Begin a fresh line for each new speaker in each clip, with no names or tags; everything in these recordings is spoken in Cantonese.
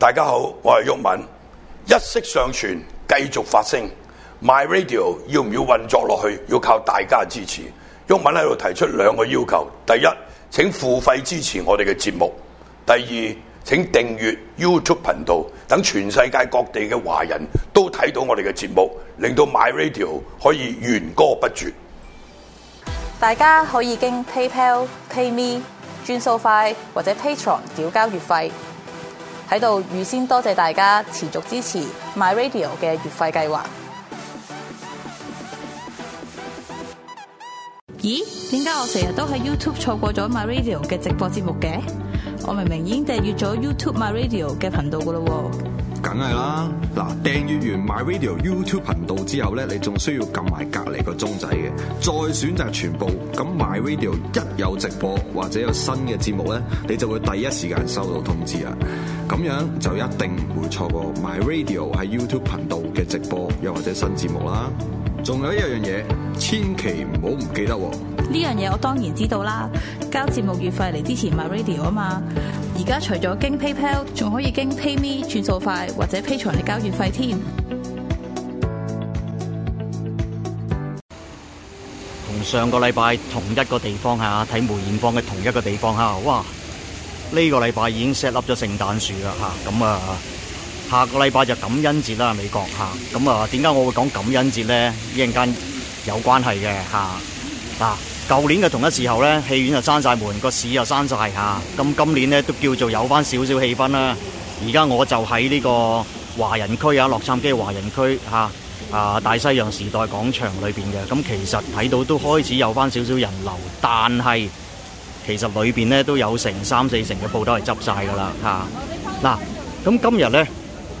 大家好，我係郁敏，一息尚存，繼續發聲。
My Radio 要唔要運作落去？要靠大家的支持。郁敏喺度提出兩個要求：第一，請付費支持我哋嘅節目；第二，請訂閱 YouTube 頻道，等全世界各地嘅華人都睇到我哋嘅節目，令到 My Radio 可以源歌不絕。
大家可以經 PayPal、PayMe 轉數快，或者 Patreon 繳交月費。喺度預先多謝大家持續支持 MyRadio 嘅月費計劃。咦？點解我成日都喺 YouTube 錯過咗 MyRadio 嘅直播節目嘅？我明明已經訂閱咗 YouTube MyRadio 嘅頻道㗎喇喎。
梗係啦，嗱，訂閱完 My Radio YouTube 頻道之後咧，你仲需要撳埋隔離個鐘仔嘅，再選擇全部，咁 My Radio 一有直播或者有新嘅節目咧，你就會第一時間收到通知啦！咁樣就一定唔會錯過 My Radio 喺 YouTube 頻道嘅直播又或者新節目啦。仲有一樣嘢，千祈唔好唔記得喎！
呢樣嘢我當然知道啦，交節目月費嚟支持 MyRadio 啊嘛！而家除咗經 PayPal，仲可以經 PayMe 轉數快，或者 Patreon 嚟交月費添。
同上個禮拜同一個地方嚇，睇梅艷芳嘅同一個地方嚇，哇！呢個禮拜已經 set 笠咗聖誕樹啦嚇，咁啊～下個禮拜就感恩節啦，美國嚇。咁啊，點解我會講感恩節呢？一陣間有關係嘅嚇。嗱、啊，舊年嘅同一時候呢，戲院就閂晒門，個市又閂晒。咁、啊啊、今年呢，都叫做有翻少少氣氛啦。而家我就喺呢個華人區啊，洛杉磯華人區啊，大西洋時代廣場裏面嘅咁、啊，其實睇到都開始有翻少少人流，但係其實裏面呢，都有成三四成嘅鋪都係執晒㗎啦嚇嗱，咁、啊啊啊、今日呢。呃、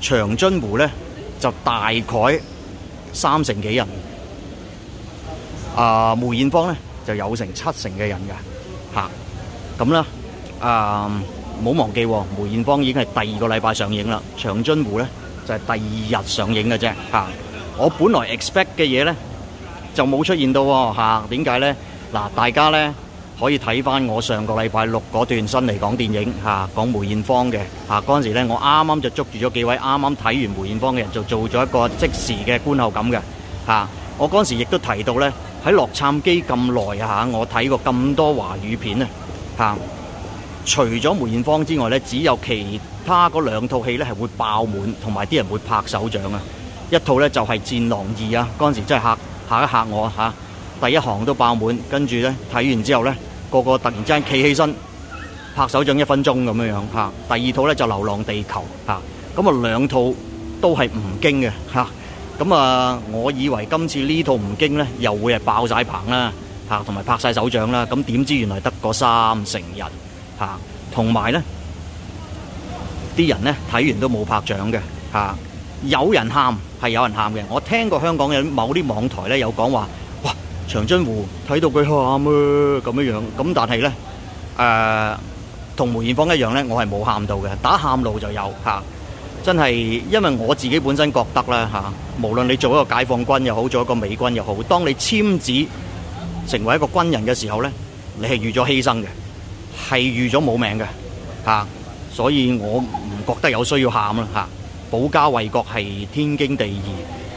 長津湖咧就大概三成幾人，啊梅艷芳咧就有成七成嘅人㗎吓，咁啦啊唔好、啊、忘記、哦，梅艷芳已經係第二個禮拜上映啦，長津湖咧就係、是、第二日上映嘅啫吓。我本來 expect 嘅嘢咧就冇出現到、哦、吓，點解咧嗱？大家咧。可以睇翻我上個禮拜六嗰段新嚟講電影嚇、啊、講梅艷芳嘅嚇，嗰陣時咧，我啱啱就捉住咗幾位啱啱睇完梅艷芳嘅人，就做咗一個即時嘅觀後感嘅嚇、啊、我嗰陣時亦都提到咧，喺洛杉磯咁耐嚇，我睇過咁多華語片啊嚇，除咗梅艷芳之外咧，只有其他嗰兩套戲咧係會爆滿同埋啲人會拍手掌啊，一套咧就係、是《戰狼二、啊》啊，嗰陣時真係嚇嚇一嚇我嚇。啊第一行都爆滿，跟住呢睇完之後呢，個個突然之間企起身拍手掌，一分鐘咁樣樣拍。第二套呢就《流浪地球》吓、啊，咁啊兩套都係吳京嘅吓。咁啊，我以為今次呢套吳京呢，又會係爆晒棚啦吓，同、啊、埋拍晒手掌啦。咁、啊、點知原來得個三成人吓，同、啊、埋呢啲人呢，睇完都冇拍掌嘅吓、啊。有人喊係有人喊嘅，我聽過香港嘅某啲網台呢有講話。長津湖睇到佢喊咧咁樣樣，咁但係呢，誒同梅艷芳一樣呢，我係冇喊到嘅。打喊露就有嚇、啊，真係因為我自己本身覺得啦嚇、啊，無論你做一個解放軍又好，做一個美軍又好，當你簽字成為一個軍人嘅時候呢，你係預咗犧牲嘅，係預咗冇命嘅嚇、啊，所以我唔覺得有需要喊啦嚇。啊、保家衛國係天經地義，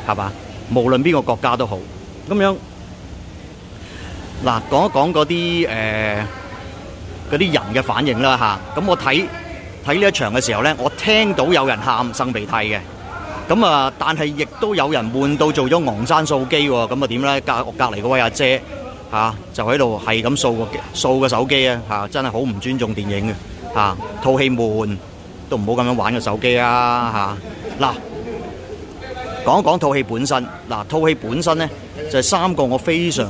係吧？無論邊個國家都好，咁樣。嗱，講一講嗰啲誒，嗰啲人嘅反應啦吓。咁我睇睇呢一場嘅時候咧，我聽到有人喊生鼻涕嘅。咁啊，但係亦都有人悶到做咗昂山掃機。咁啊，點咧？隔隔籬嗰位阿姐啊，就喺度係咁掃個掃個手機啊。吓，真係好唔尊重電影嘅。吓，套戲悶，都唔好咁樣玩個手機啊。吓，嗱，講一講套戲本身。嗱，套戲本身咧就係三個我非常。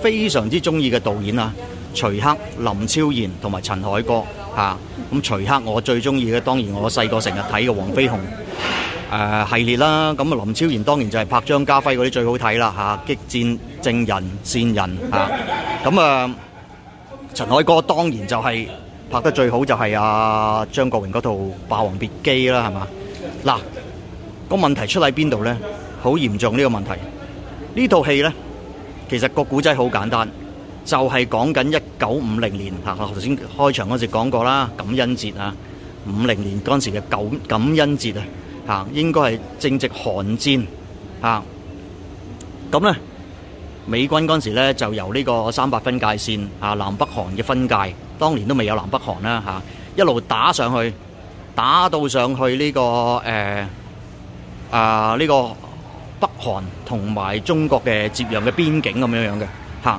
非常之中意嘅導演啊，徐克、林超賢同埋陳凱歌，吓、啊、咁、啊、徐克我最中意嘅，當然我細個成日睇嘅黃飛鴻誒、啊、系列啦。咁啊，林超賢當然就係拍張家輝嗰啲最好睇啦，吓、啊、激戰、證人、善人啊。咁啊，陳凱歌當然就係、是、拍得最好就是、啊，就係啊張國榮嗰套《霸王別姬》啦，係、啊、嘛？嗱、那，個問題出喺邊度咧？好嚴重呢個問題，戲呢套戲咧。其實個古仔好簡單，就係講緊一九五零年吓，頭先開場嗰時講過啦，感恩節啊，五零年嗰陣時嘅感感恩節啊，吓應該係正值韓戰，吓，咁呢，美軍嗰陣時咧就由呢個三八分界線啊，南北韓嘅分界，當年都未有南北韓啦吓，一路打上去，打到上去呢個誒啊呢個。呃呃這個北韓同埋中國嘅接壤嘅邊境咁樣這樣嘅，吓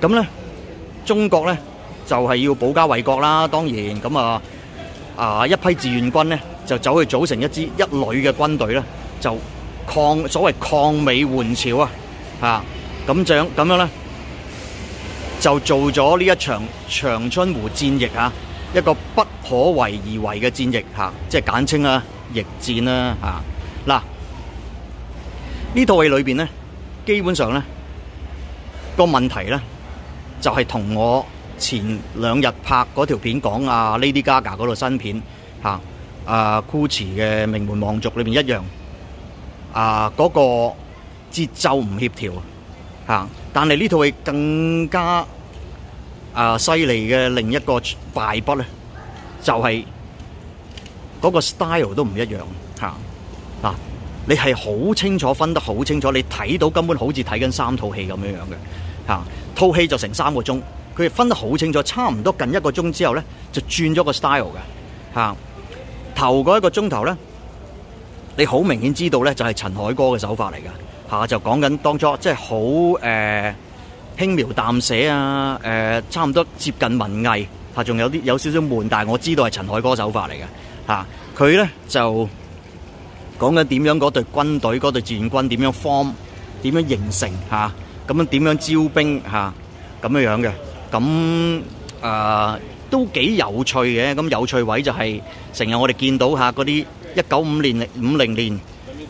咁咧，中國咧就係、是、要保家衛國啦，當然咁啊啊一批志願軍咧就走去組成一支一旅嘅軍隊咧，就抗所謂抗美援朝啊，吓咁樣咁樣咧就做咗呢一場長津湖戰役啊，一個不可為而為嘅戰役吓、啊，即係簡稱啊「逆戰」啦吓嗱。啊呢套戲裏邊呢，基本上呢個問題呢，就係、是、同我前兩日拍嗰條片講啊 Lady Gaga 嗰套新片嚇啊 Gucci、啊、嘅名門望族裏邊一樣啊嗰、那個節奏唔協調嚇，但係呢套戲更加啊犀利嘅另一個敗筆呢，就係、是、嗰、那個 style 都唔一樣嚇嗱。啊啊你係好清楚分得好清楚，你睇到根本好似睇緊三套戲咁樣樣嘅嚇，套、啊、戲就成三個鐘，佢分得好清楚，差唔多近一個鐘之後呢，就轉咗個 style 嘅嚇。頭嗰一個鐘頭呢，你好明顯知道呢，就係、是、陳凱歌嘅手法嚟嘅嚇，就講緊當初即係好誒輕描淡寫啊誒、呃，差唔多接近文藝嚇，仲、啊、有啲有少少悶，但係我知道係陳凱歌手法嚟嘅嚇，佢、啊、呢就。講緊點樣嗰隊軍隊，嗰隊志願軍點樣 form，點樣形成嚇？咁樣點樣招兵嚇？咁樣樣嘅，咁啊都幾有趣嘅。咁有趣位就係成日我哋見到嚇嗰啲一九五年、五零年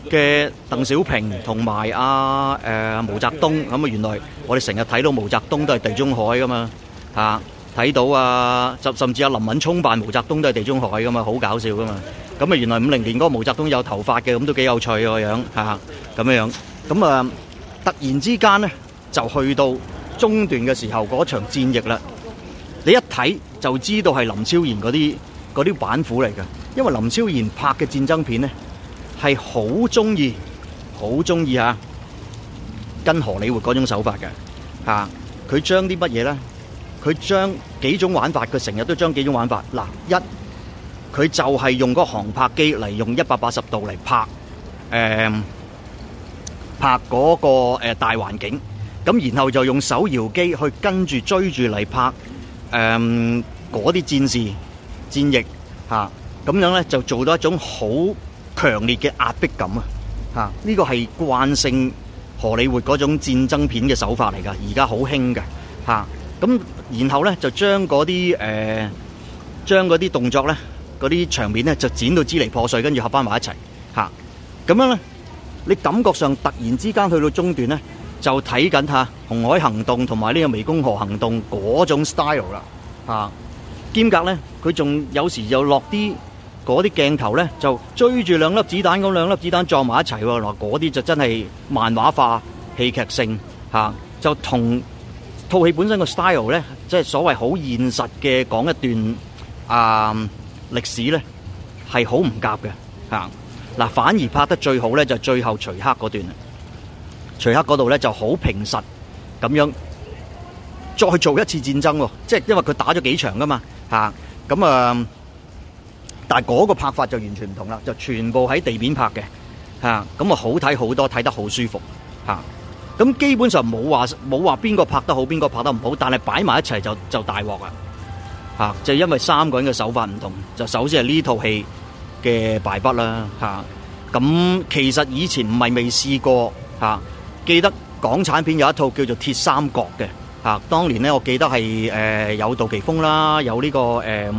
嘅鄧小平同埋阿誒毛澤東，咁啊原來我哋成日睇到毛澤東都係地中海噶嘛嚇，睇到啊，甚甚至阿林敏聰扮毛澤東都係地中海噶嘛，好搞笑噶嘛。咁啊，原來五零年嗰個毛澤東有頭髮嘅，咁都幾有趣個樣嚇，咁樣樣。咁啊，突然之間咧，就去到中段嘅時候嗰場戰役啦。你一睇就知道係林超賢嗰啲嗰啲板斧嚟嘅，因為林超賢拍嘅戰爭片咧係好中意好中意嚇跟荷里活嗰種手法嘅嚇。佢將啲乜嘢咧？佢將幾種玩法，佢成日都將幾種玩法嗱一。佢就係用嗰個航拍機嚟用一百八十度嚟拍，誒、嗯、拍嗰個大環境，咁然後就用手搖機去跟住追住嚟拍，誒嗰啲戰士戰役嚇，咁、啊、樣咧就做到一種好強烈嘅壓迫感啊！嚇，呢個係慣性荷里活嗰種戰爭片嘅手法嚟㗎，而家好興㗎嚇。咁、啊、然後咧就將嗰啲誒將啲動作咧。嗰啲場面咧就剪到支離破碎，跟住合翻埋一齊嚇。咁樣咧，你感覺上突然之間去到中段咧，就睇緊嚇《紅海行動》同埋呢個《湄公河行動》嗰種 style 啦嚇。兼夾咧，佢仲有時又落啲嗰啲鏡頭咧，就追住兩粒子彈咁，兩粒子彈撞埋一齊喎。嗱，嗰啲就真係漫畫化、戲劇性嚇，就同套戲本身個 style 咧，即係所謂好現實嘅講一段啊。歷史咧係好唔夾嘅嚇，嗱，反而拍得最好咧就是、最後徐克嗰段啦，徐克嗰度咧就好平實咁樣，再做一次戰爭喎、啊，即係因為佢打咗幾場噶嘛嚇，咁啊、嗯，但係嗰個拍法就完全唔同啦，就全部喺地面拍嘅嚇，咁啊、嗯、好睇好多，睇得好舒服嚇，咁、嗯、基本上冇話冇話邊個拍得好，邊個拍得唔好，但係擺埋一齊就就大鑊啦。啊，就因為三個人嘅手法唔同，就首先係呢套戲嘅敗筆啦。吓，咁其實以前唔係未試過。吓，記得港產片有一套叫做《鐵三角》嘅。吓，當年咧，我記得係誒有杜琪峰啦，有呢個誒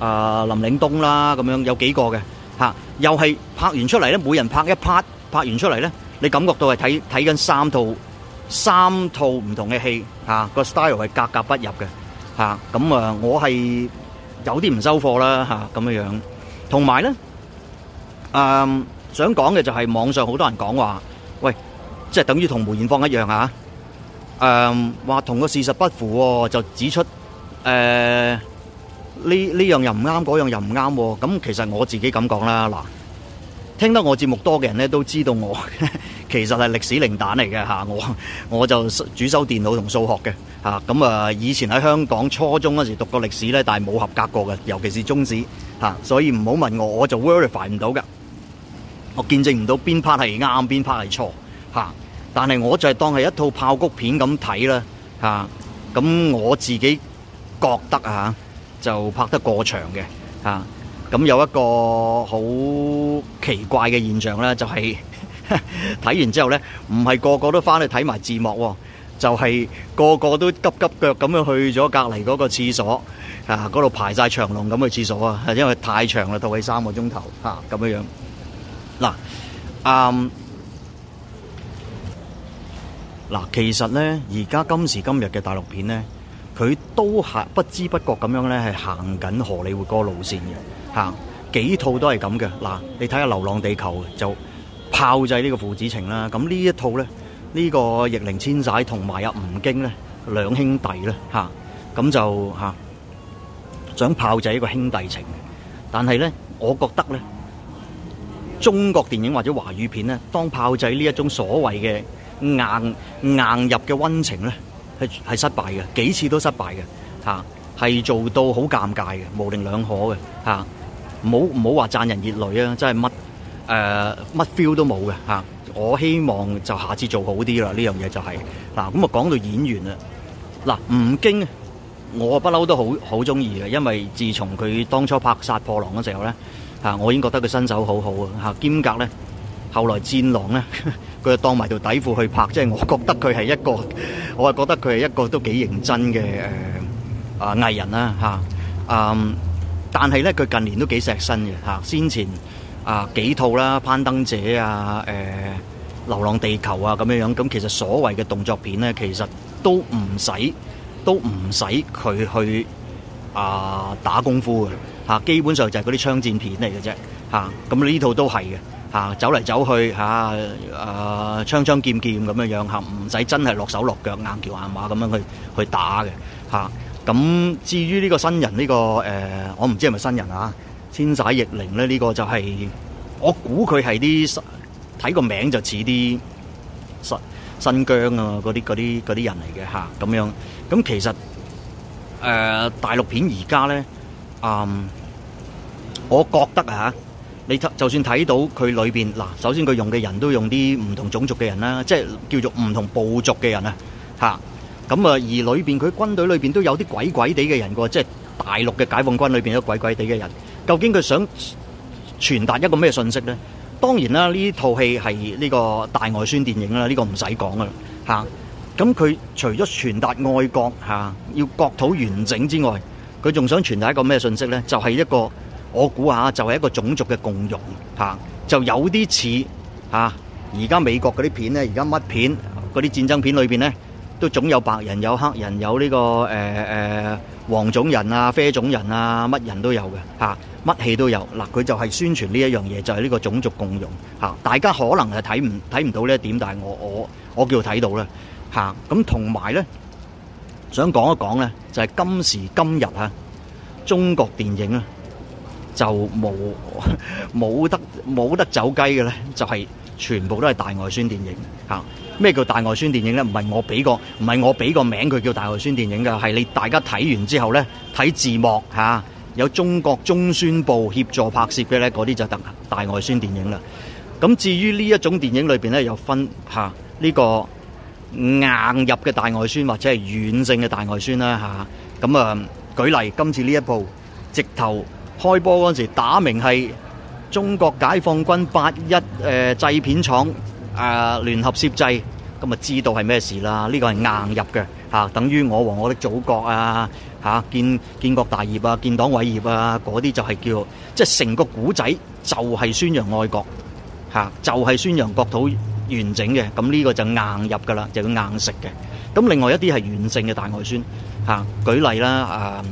啊林嶺東啦，咁樣有幾個嘅。吓，又係拍完出嚟咧，每人拍一 part，拍完出嚟咧，你感覺到係睇睇緊三套三套唔同嘅戲。吓，個 style 係格格不入嘅。吓咁啊，我係有啲唔收貨啦吓，咁樣樣。同埋咧，誒，想講嘅就係網上好多人講話，喂，即係等於同梅艷芳一樣啊。誒，話同個事實不符，就指出誒呢呢樣又唔啱，嗰樣又唔啱。咁其實我自己咁講啦嗱。聽得我節目多嘅人咧，都知道我其實係歷史零蛋嚟嘅嚇，我我就主修電腦同數學嘅嚇，咁啊以前喺香港初中嗰時讀過歷史咧，但係冇合格過嘅，尤其是中史嚇，所以唔好問我，我就 verify 唔到㗎，我見證唔到邊 part 係啱，邊 part 係錯嚇，但係我就係當係一套爆谷片咁睇啦嚇，咁我自己覺得嚇就拍得過長嘅嚇。咁有一個好奇怪嘅現象咧，就係、是、睇 完之後咧，唔係個個都翻去睇埋字幕，就係、是、個個都急急腳咁樣去咗隔離嗰個廁所啊！嗰度排晒長龍咁去廁所啊，因為太長啦，套起三個鐘頭嚇咁樣樣嗱啊嗱，啊，其實咧而家今時今日嘅大陸片咧，佢都係不知不覺咁樣咧，係行緊荷里活嗰個路線嘅。啊、幾套都係咁嘅，嗱、啊，你睇下《流浪地球》就炮製呢個父子情啦。咁、啊、呢一套咧，呢、這個易烊千玺同埋阿吳京咧兩兄弟咧，吓咁就吓想炮製一個兄弟情。但係咧，我覺得咧，中國電影或者華語片咧，當炮製呢一種所謂嘅硬硬入嘅温情咧，係係失敗嘅，幾次都失敗嘅，吓、啊、係做到好尷尬嘅，模棱兩可嘅，吓、啊。唔好唔好話讚人熱淚，呃、沒啊！真係乜誒乜 feel 都冇嘅吓！我希望就下次做好啲啦，呢樣嘢就係嗱咁啊講到演員啦，嗱、啊、吳京我不嬲都好好中意嘅，因為自從佢當初拍殺破狼嘅時候咧吓、啊，我已經覺得佢身手好好啊吓，兼夾咧後來戰狼咧佢就當埋條底褲去拍，即係我覺得佢係一個我啊覺得佢係一個都幾認真嘅誒啊藝人啦吓嗯。啊啊但係咧，佢近年都幾錫身嘅嚇。先前啊幾套啦，《攀登者》啊，誒、欸《流浪地球》啊，咁樣樣。咁其實所謂嘅動作片咧，其實都唔使，都唔使佢去啊打功夫嘅嚇、啊。基本上就係嗰啲槍戰片嚟嘅啫嚇。咁、啊、呢套都係嘅嚇，走嚟走去嚇，誒、啊啊、槍槍劍劍咁樣樣嚇，唔、啊、使真係落手落腳，硬橋硬馬咁樣去去打嘅嚇。啊咁至於呢個新人呢、這個誒、呃，我唔知係咪新人啊？千璽亦靈咧，呢、這個就係、是、我估佢係啲睇個名字就似啲新新疆啊嗰啲嗰啲嗰啲人嚟嘅嚇咁樣。咁、啊、其實誒、呃、大陸片而家咧，嗯、啊，我覺得啊，你就算睇到佢裏邊嗱，首先佢用嘅人都用啲唔同種族嘅人啦，即、就、係、是、叫做唔同部族嘅人啊嚇。咁啊，而裏邊佢軍隊裏邊都有啲鬼鬼地嘅人㗎，即係大陸嘅解放軍裏邊有鬼鬼地嘅人。究竟佢想傳達一個咩信息咧？當然啦，呢套戲係呢個大外宣電影啦，呢個唔使講噶啦嚇。咁佢除咗傳達愛國嚇，要國土完整之外，佢仲想傳達一個咩信息咧？就係一個我估嚇，就係一個種族嘅共融嚇，就有啲似嚇而家美國嗰啲片咧，而家乜片嗰啲戰爭片裏邊咧。都總有白人，有黑人，有呢、這個誒誒、呃、黃種人啊，啡種人啊，乜人都有嘅嚇，乜戲都有嗱，佢就係宣傳呢一樣嘢，就係、是、呢個種族共融嚇，大家可能係睇唔睇唔到呢一點，但係我我我叫睇到啦嚇。咁同埋咧想講一講咧，就係、是、今時今日嚇中國電影咧就冇冇得冇得走雞嘅咧，就係、是、全部都係大外宣電影嚇。咩叫大外宣電影呢？唔係我俾個唔係我俾個名佢叫大外宣電影㗎，係你大家睇完之後呢，睇字幕、啊、有中國中宣部協助拍攝嘅呢嗰啲就得大外宣電影啦。咁至於呢一種電影裏面呢，有分嚇呢、啊這個硬入嘅大外宣，或者係軟性嘅大外宣啦咁啊，啊，舉例今次呢一部直頭開波嗰陣時打明係中國解放軍八一誒、呃、製片廠。誒聯合攝製咁啊，知道係咩事啦？呢個係硬入嘅嚇，等於我和我的祖國啊嚇，建建國大業啊，建黨偉業啊，嗰啲就係叫即係成個故仔就係宣揚愛國嚇，就係宣揚國土完整嘅。咁呢個就硬入噶啦，就要硬食嘅。咁另外一啲係軟性嘅大外宣嚇，舉例啦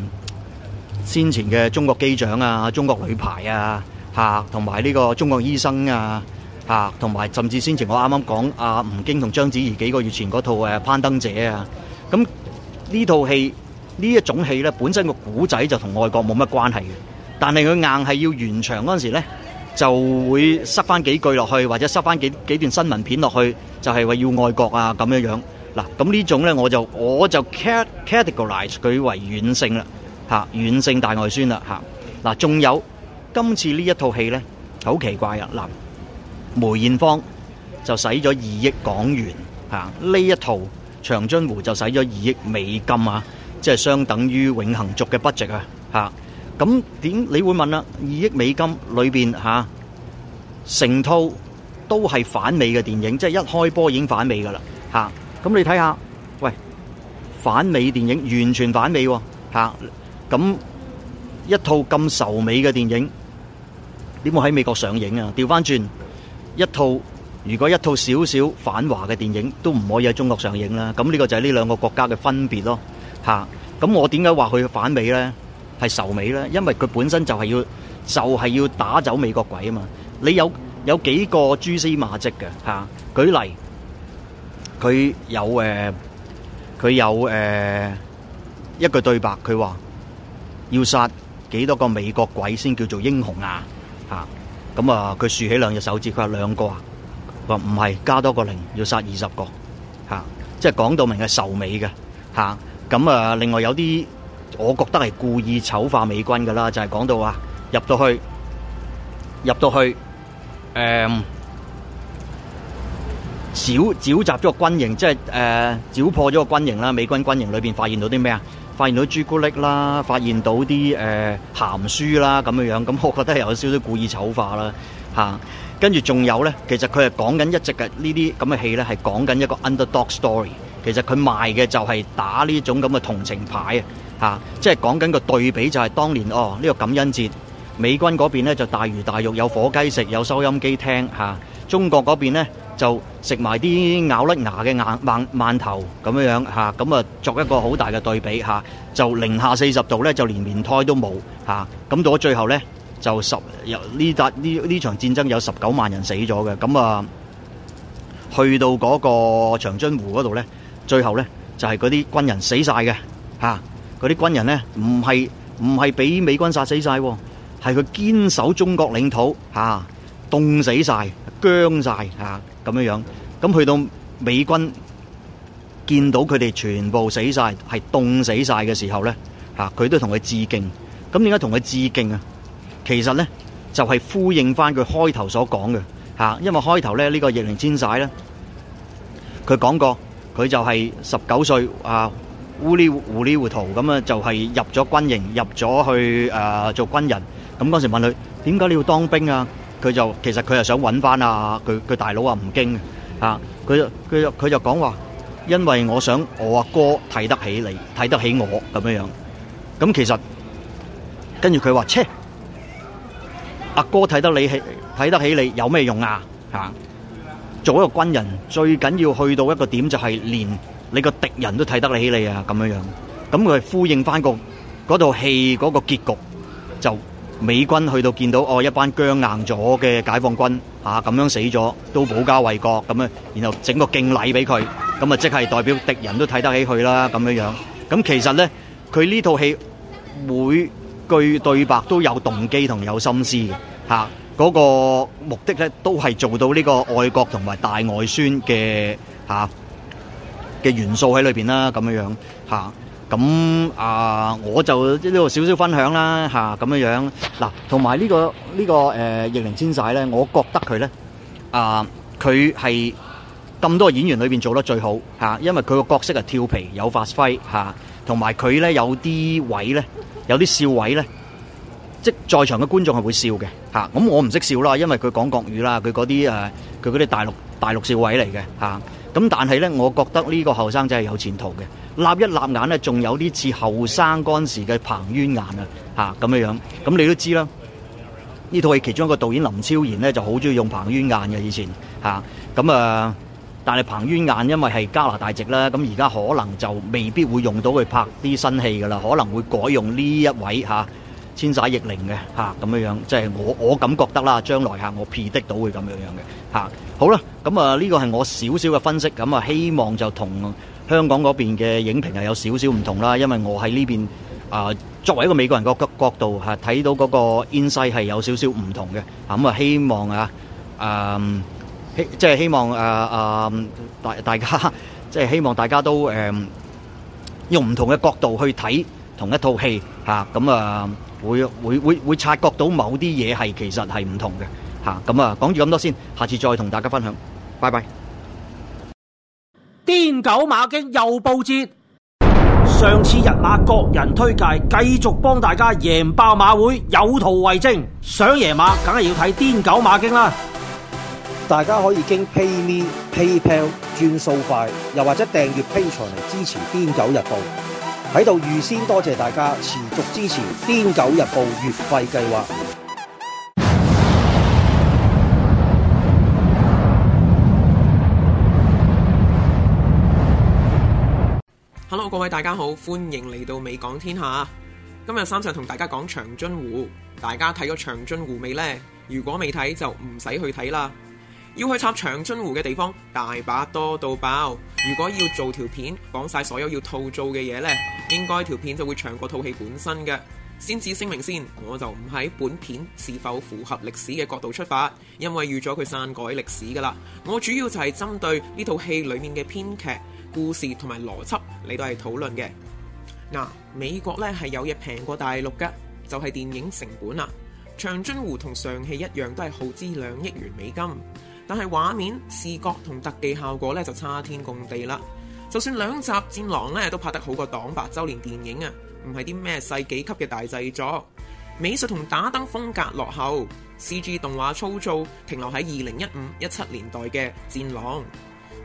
誒，先前嘅中國機長啊，中國女排啊嚇，同埋呢個中國醫生啊。啊，同埋甚至先前我啱啱講阿吳京同章子怡幾個月前嗰套誒《攀登者》啊，咁呢套戲呢一種戲咧，本身個故仔就同愛國冇乜關係嘅，但係佢硬係要完場嗰陣時咧，就會塞翻幾句落去，或者塞翻幾幾段新聞片落去，就係話要愛國啊咁樣樣。嗱，咁呢種咧，我就我就 categorize 佢為軟性啦，嚇軟性大外宣啦，嚇嗱。仲有今次呢一套戲咧，好奇怪啊，嗱。梅艷芳就使咗二億港元，吓，呢一套《長津湖》就使咗二億美金啊，即係相等於永恒族嘅 budget 啊，吓，咁點你會問啦？二億美金裏邊吓，成套都係反美嘅電影，即係一開波已經反美噶啦，吓，咁你睇下，喂，反美電影完全反美，吓，咁一套咁仇美嘅電影點會喺美國上映啊？調翻轉。一套如果一套少少反華嘅電影都唔可以喺中國上映啦，咁呢個就係呢兩個國家嘅分別咯，嚇！咁我點解話佢反美呢？係仇美咧，因為佢本身就係要就係、是、要打走美國鬼啊嘛！你有有幾個蛛絲馬跡嘅嚇？舉例，佢有誒，佢、呃、有誒、呃、一句對白，佢話要殺幾多個美國鬼先叫做英雄啊？咁啊，佢豎起兩隻手指，佢話兩個啊，佢話唔係加多個零，要殺二十個，吓，即係講到明係仇美嘅，吓，咁啊，另外有啲，我覺得係故意醜化美軍噶啦，就係、是、講到話入到去，入到去，誒、嗯，剿集咗個軍營，即係誒，呃、剿破咗個軍營啦，美軍軍營裏邊發現到啲咩啊？發現到朱古力啦，發現到啲誒鹹書啦咁樣樣，咁我覺得係有少少故意醜化啦嚇。跟住仲有呢，其實佢係講緊一直嘅呢啲咁嘅戲呢，係講緊一個 underdog story。其實佢賣嘅就係打呢種咁嘅同情牌啊，嚇，即係講緊個對比就係、是、當年哦呢、這個感恩節，美軍嗰邊呢就大魚大肉，有火雞食，有收音機聽嚇、啊，中國嗰邊呢。就食埋啲咬甩牙嘅硬饅饅頭咁樣樣嚇，咁啊作一個好大嘅對比嚇。就零下四十度咧，就連棉胎都冇嚇。咁到咗最後咧，就十有呢達呢呢場戰爭有十九萬人死咗嘅。咁啊，去到嗰個長津湖嗰度咧，最後咧就係嗰啲軍人死曬嘅嚇。嗰啲軍人咧唔係，唔係俾美軍殺死曬，係佢堅守中國領土嚇。凍死曬，僵曬嚇咁樣樣。咁去到美軍見到佢哋全部死曬，係凍死曬嘅時候咧嚇，佢都同佢致敬。咁點解同佢致敬啊？其實咧就係呼應翻佢開頭所講嘅嚇，因為開頭咧呢個易烊千璽咧，佢講過佢就係十九歲啊，糊哩糊哩糊塗咁啊，就係入咗軍營，入咗去誒做軍人。咁嗰時問佢點解你要當兵啊？佢就其實佢係想揾翻啊，佢佢大佬啊吳京啊，佢佢佢就講話，因為我想我阿哥睇得起你，睇得起我咁樣樣。咁其實跟住佢話，切，阿哥睇得起你睇得起你有咩用啊？嚇，做一個軍人最緊要去到一個點就係連你個敵人都睇得起你啊咁樣樣。咁佢呼應翻個嗰套戲嗰個結局就。美軍去到見到哦一班僵硬咗嘅解放軍吓咁、啊、樣死咗都保家衛國咁樣，然後整個敬禮俾佢，咁啊即係代表敵人都睇得起佢啦咁樣樣。咁其實呢，佢呢套戲每句對白都有動機同有心思吓，嗰、啊嗰個目的呢，都係做到呢個愛國同埋大外宣嘅吓嘅元素喺裏邊啦，咁樣樣吓。啊咁啊、呃，我就呢度少少分享啦咁、啊、樣嗱，同埋、這個這個呃、呢個呢個誒易烊千璽咧，我覺得佢咧啊，佢係咁多演員裏面做得最好、啊、因為佢個角色係調皮有發揮嚇，同埋佢咧有啲位咧有啲笑位咧，即在場嘅觀眾係會笑嘅。咁、啊、我唔識笑啦，因為佢講國語啦，佢嗰啲佢啲大陸大陸笑位嚟嘅。咁但係呢，我覺得呢個後生仔係有前途嘅，立一立眼呢，仲有啲似後生嗰陣時嘅彭于晏啊！咁樣咁、啊、你都知啦。呢套戲其中一個導演林超賢呢，就好中意用彭于晏嘅以前咁啊，但係彭于晏因為係加拿大籍啦，咁而家可能就未必會用到佢拍啲新戲㗎啦，可能會改用呢一位、啊簽曬譯靈嘅嚇咁樣樣，即係我我感覺得啦，將來嚇我 predict 到會咁樣樣嘅嚇。好啦，咁啊呢個係我少少嘅分析，咁啊希望就同香港嗰邊嘅影評係有少少唔同啦，因為我喺呢邊啊作為一個美國人嘅角角度嚇睇到嗰個 insight 係有少少唔同嘅，咁啊希望啊啊希即係希望啊啊大大家即係希望大家都誒用唔同嘅角度去睇同一套戲嚇，咁啊～會會會會察覺到某啲嘢係其實係唔同嘅吓，咁啊講住咁多先，下次再同大家分享，拜拜。
癲
狗馬經又報捷，上次日馬各人推介繼續幫大家贏爆馬會，有圖為證，想贏馬梗係要睇癲狗馬經啦。大家可以經 PayMe、PayPal 轉數快，又或者訂閱 Patreon 嚟支持癲狗日報。喺度預先多謝大家持續
支持《癲狗日報》月費計劃。Hello，各位大家好，歡迎嚟到《美港天下》。今日三上同大家講長津湖，大家睇咗長津湖未呢？如果未睇就唔使去睇啦。要去插長津湖嘅地方，大把多到爆。如果要做條片，講晒所有要套做嘅嘢呢，應該條片就會長過套戲本身嘅。先至聲明先，我就唔喺本片是否符合歷史嘅角度出發，因為預咗佢篡改歷史噶啦。我主要就係針對呢套戲裏面嘅編劇、故事同埋邏輯，你都係討論嘅嗱、啊。美國呢係有嘢平過大陸嘅，就係、是、電影成本啦。長津湖同上戲一樣，都係耗資兩億元美金。但係畫面視覺同特技效果咧就差天共地啦！就算兩集《戰狼》咧都拍得好過黨百周年電影啊，唔係啲咩世紀級嘅大製作，美術同打燈風格落後，CG 動畫粗糙，停留喺二零一五一七年代嘅《戰狼》，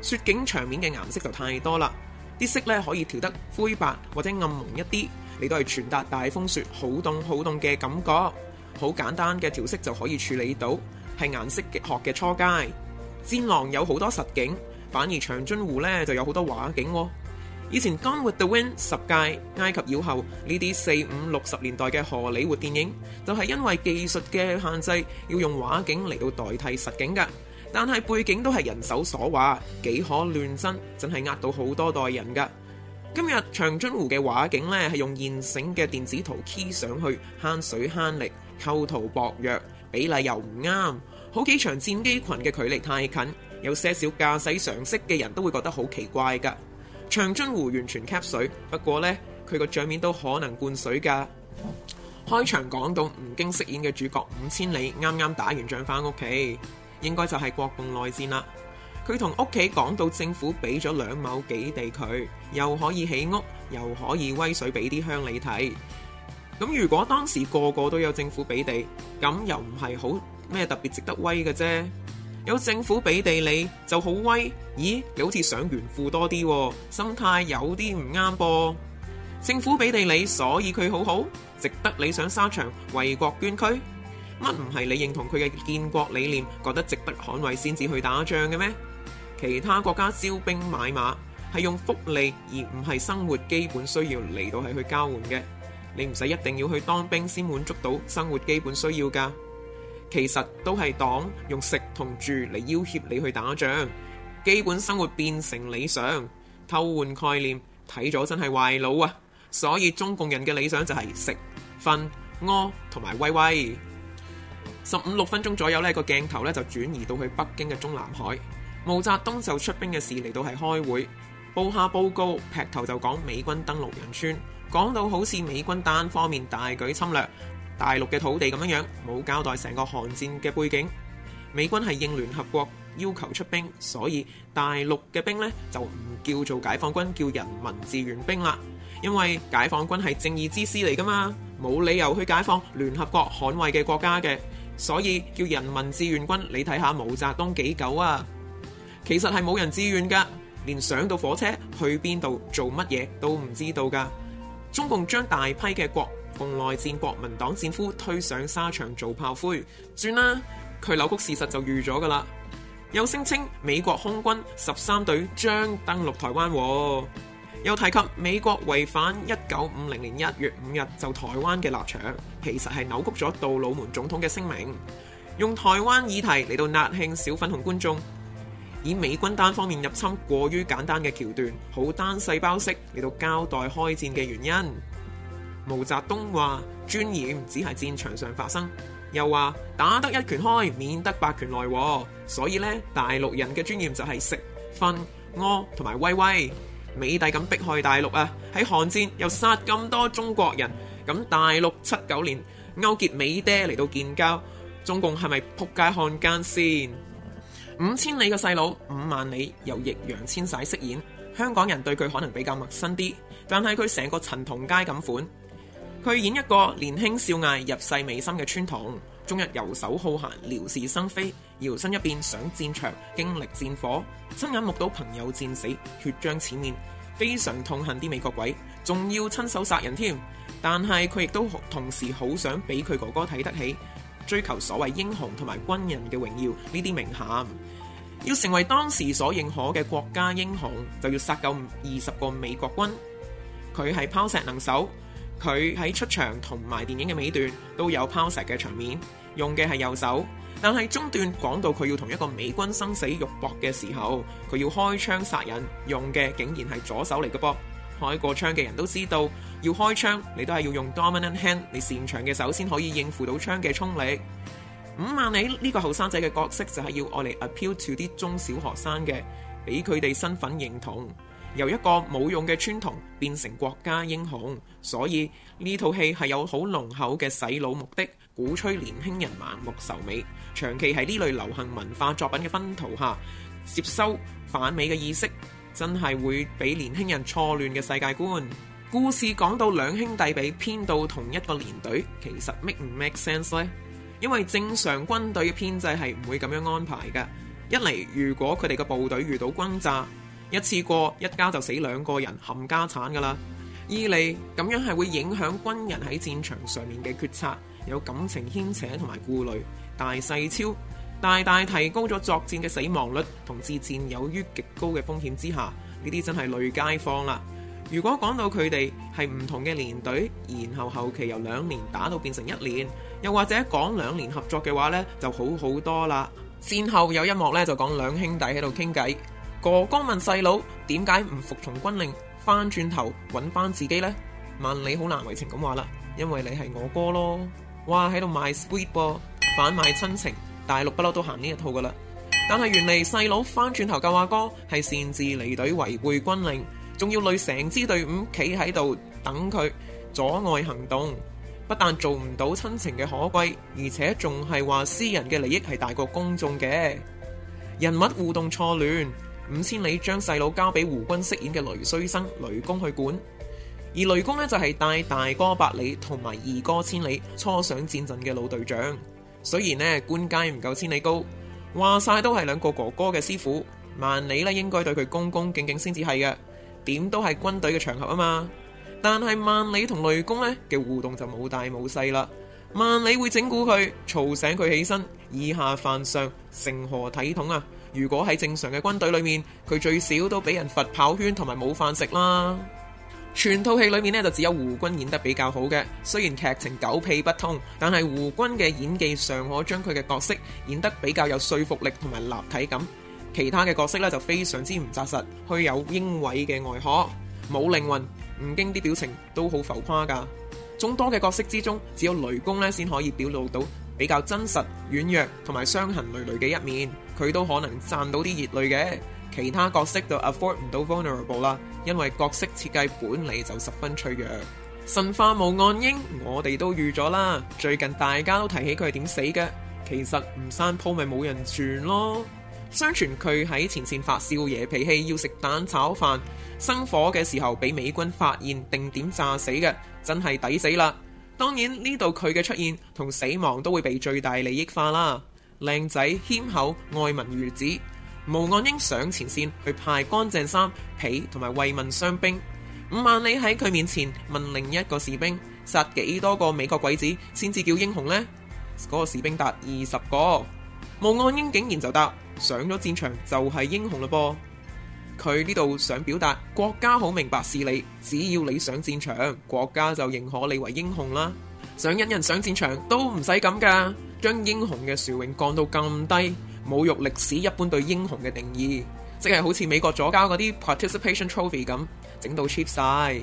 雪景場面嘅顏色就太多啦！啲色咧可以調得灰白或者暗蒙一啲，你都係傳達大風雪好凍好凍嘅感覺，好簡單嘅調色就可以處理到，係顏色極學嘅初階，《戰狼》有好多實景，反而長津湖呢就有好多畫景。以前《Gone with the Wind》十界，《埃及妖后》呢啲四五六十年代嘅荷里活電影，就係因為技術嘅限制，要用畫景嚟到代替實景噶。但係背景都係人手所畫，幾可亂真，真係呃到好多代人噶。今日長津湖嘅畫景呢，係用現成嘅電子圖 key 上去，慳水慳力，構圖薄弱，比例又唔啱。好幾場戰機群嘅距離太近，有些少駕駛常識嘅人都會覺得好奇怪㗎。長津湖完全吸水，不過呢，佢個帳面都可能灌水㗎。開場講到吳京飾演嘅主角五千里，啱啱打完仗翻屋企，應該就係國共內戰啦。佢同屋企講到政府俾咗兩畝幾地佢，又可以起屋，又可以威水俾啲鄉里睇。咁如果當時個個都有政府俾地，咁又唔係好，咩特別值得威嘅啫？有政府俾地利就好威。咦，你好似想炫富多啲，心態有啲唔啱噃。政府俾地利，所以佢好好，值得你上沙場為國捐軀。乜唔係你認同佢嘅建國理念，覺得值得捍衛先至去打仗嘅咩？其他國家招兵買馬係用福利而唔係生活基本需要嚟，到係去交換嘅。你唔使一定要去當兵先滿足到生活基本需要噶。其實都係黨用食同住嚟要挾你去打仗，基本生活變成理想，偷換概念，睇咗真係壞腦啊！所以中共人嘅理想就係食、瞓、屙同埋威威。十五六分鐘左右，呢個鏡頭咧就轉移到去北京嘅中南海，毛澤東就出兵嘅事嚟到係開會，報下報告，劈頭就講美軍登陸仁川，講到好似美軍單方面大舉侵略。大陸嘅土地咁樣，冇交代成個韓戰嘅背景。美軍係應聯合國要求出兵，所以大陸嘅兵呢，就唔叫做解放軍，叫人民志願兵啦。因為解放軍係正義之師嚟噶嘛，冇理由去解放聯合國捍衛嘅國家嘅，所以叫人民志願軍。你睇下毛澤東幾狗啊？其實係冇人志願噶，連上到火車去邊度做乜嘢都唔知道噶。中共將大批嘅國共內戰國民黨戰俘，推上沙場做炮灰，算啦，佢扭曲事實就預咗噶啦。又聲稱美國空軍十三隊將登陸台灣，又提及美國違反一九五零年一月五日就台灣嘅立場，其實係扭曲咗杜魯門總統嘅聲明，用台灣議題嚟到壓慶小粉紅觀眾，以美軍單方面入侵過於簡單嘅橋段，好單細胞式嚟到交代開戰嘅原因。毛澤東話尊嚴只係戰場上發生，又話打得一拳開，免得百拳來。所以咧，大陸人嘅尊嚴就係食、瞓、屙同埋威威。美帝咁逼害大陸啊，喺韓戰又殺咁多中國人，咁大陸七九年勾結美爹嚟到建交，中共係咪仆街漢奸先？五千里嘅細佬，五萬里由易烊千玺飾演，香港人對佢可能比較陌生啲，但係佢成個陳同佳咁款。佢演一個年輕少艾入世未深嘅村童，終日游手好閒、撩事生非，搖身一變上戰場，經歷戰火，親眼目睹朋友戰死，血漿濺面，非常痛恨啲美國鬼，仲要親手殺人添。但係佢亦都同時好想俾佢哥哥睇得起，追求所謂英雄同埋軍人嘅榮耀呢啲名銜，要成為當時所認可嘅國家英雄，就要殺夠二十個美國軍。佢係拋石能手。佢喺出場同埋電影嘅尾段都有拋石嘅場面，用嘅係右手。但係中段講到佢要同一個美軍生死肉搏嘅時候，佢要開槍殺人，用嘅竟然係左手嚟嘅噃。開過槍嘅人都知道，要開槍你都係要用 dominant hand，你擅長嘅手先可以應付到槍嘅衝力。五萬里呢個後生仔嘅角色就係要我嚟 appeal to 啲中小學生嘅，俾佢哋身份認同。由一個冇用嘅村童變成國家英雄，所以呢套戲係有好濃厚嘅洗腦目的，鼓吹年輕人盲目仇美。長期喺呢類流行文化作品嘅薰陶下，接收反美嘅意識，真係會俾年輕人錯亂嘅世界觀。故事講到兩兄弟被編到同一個連隊，其實 make 唔 make sense 咧？因為正常軍隊嘅編制係唔會咁樣安排嘅。一嚟，如果佢哋嘅部隊遇到轟炸。一次過一家就死兩個人冚家鏟㗎喇。二嚟，咁樣係會影響軍人喺戰場上面嘅決策，有感情牽扯同埋顧慮，大細超，大大提高咗作戰嘅死亡率同自戰，有於極高嘅風險之下，呢啲真係累街坊啦。如果講到佢哋係唔同嘅連隊，然後後期由兩年打到變成一年，又或者講兩年合作嘅話呢，就好好多啦。戰後有一幕呢，就講兩兄弟喺度傾偈。哥哥問細佬點解唔服從軍令，翻轉頭搵翻自己呢？萬里好難為情咁話啦，因為你係我哥咯。哇，喺度賣 sweet 噃，啊，反賣親情，大陸不嬲都行呢一套噶啦。但係原嚟細佬翻轉頭救阿哥係擅自離隊，違背軍令，仲要累成支隊伍企喺度等佢，阻礙行動，不但做唔到親情嘅可貴，而且仲係話私人嘅利益係大過公眾嘅人物互動錯亂。五千里將細佬交俾胡軍飾演嘅雷須生雷公去管，而雷公呢就係帶大哥百里同埋二哥千里初上戰陣嘅老隊長。雖然呢官階唔夠千里高，話晒都係兩個哥哥嘅師傅，萬里呢應該對佢恭恭敬敬先至係嘅。點都係軍隊嘅場合啊嘛，但係萬里同雷公呢嘅互動就冇大冇細啦。萬里會整蠱佢，嘈醒佢起身，以下犯上，成何體統啊！如果喺正常嘅軍隊裏面，佢最少都俾人罰跑圈同埋冇飯食啦。全套戲裏面呢，就只有胡軍演得比較好嘅，雖然劇情狗屁不通，但係胡軍嘅演技尚可將佢嘅角色演得比較有說服力同埋立體感。其他嘅角色呢，就非常之唔紮實，虛有英偉嘅外殼，冇靈魂。吳京啲表情都好浮誇㗎。眾多嘅角色之中，只有雷公呢，先可以表露到比較真實、軟弱同埋傷痕累累嘅一面。佢都可能賺到啲熱淚嘅，其他角色就 afford 唔到 vulnerable 啦，因為角色設計本嚟就十分脆弱。神化毛岸英，我哋都預咗啦。最近大家都提起佢係點死嘅，其實吳山鋪咪冇人住咯。相傳佢喺前線發少爺脾氣，要食蛋炒飯，生火嘅時候俾美軍發現，定點炸死嘅，真係抵死啦。當然呢度佢嘅出現同死亡都會被最大利益化啦。靚仔謙厚愛民如子，毛岸英上前線去派乾淨衫被同埋慰問傷兵。伍萬里喺佢面前問另一個士兵：殺幾多個美國鬼子先至叫英雄呢？嗰個士兵答：二十個。毛岸英竟然就答：上咗戰場就係英雄嘞噃。佢呢度想表達國家好明白事理，只要你上戰場，國家就認可你為英雄啦。想引人上戰場都唔使咁噶。將英雄嘅殊榮降到咁低，侮辱歷史一般對英雄嘅定義，即係好似美國左膠嗰啲 participation trophy 咁，整到 cheap 晒。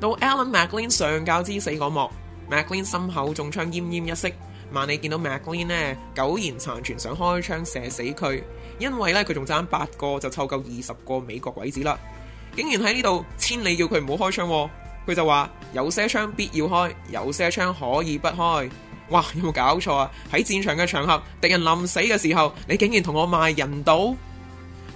到 Alan MacLean 上校之死嗰幕，MacLean 心口中槍奄奄一息，萬里見到 MacLean 呢，苟延殘喘，想開槍射死佢，因為咧佢仲爭八個就湊夠二十個美國鬼子啦，竟然喺呢度千里叫佢唔好開槍，啊，佢就話有些槍必要開，有些槍可以不開。哇！有冇搞錯啊？喺戰場嘅場合，敵人臨死嘅時候，你竟然同我賣人道？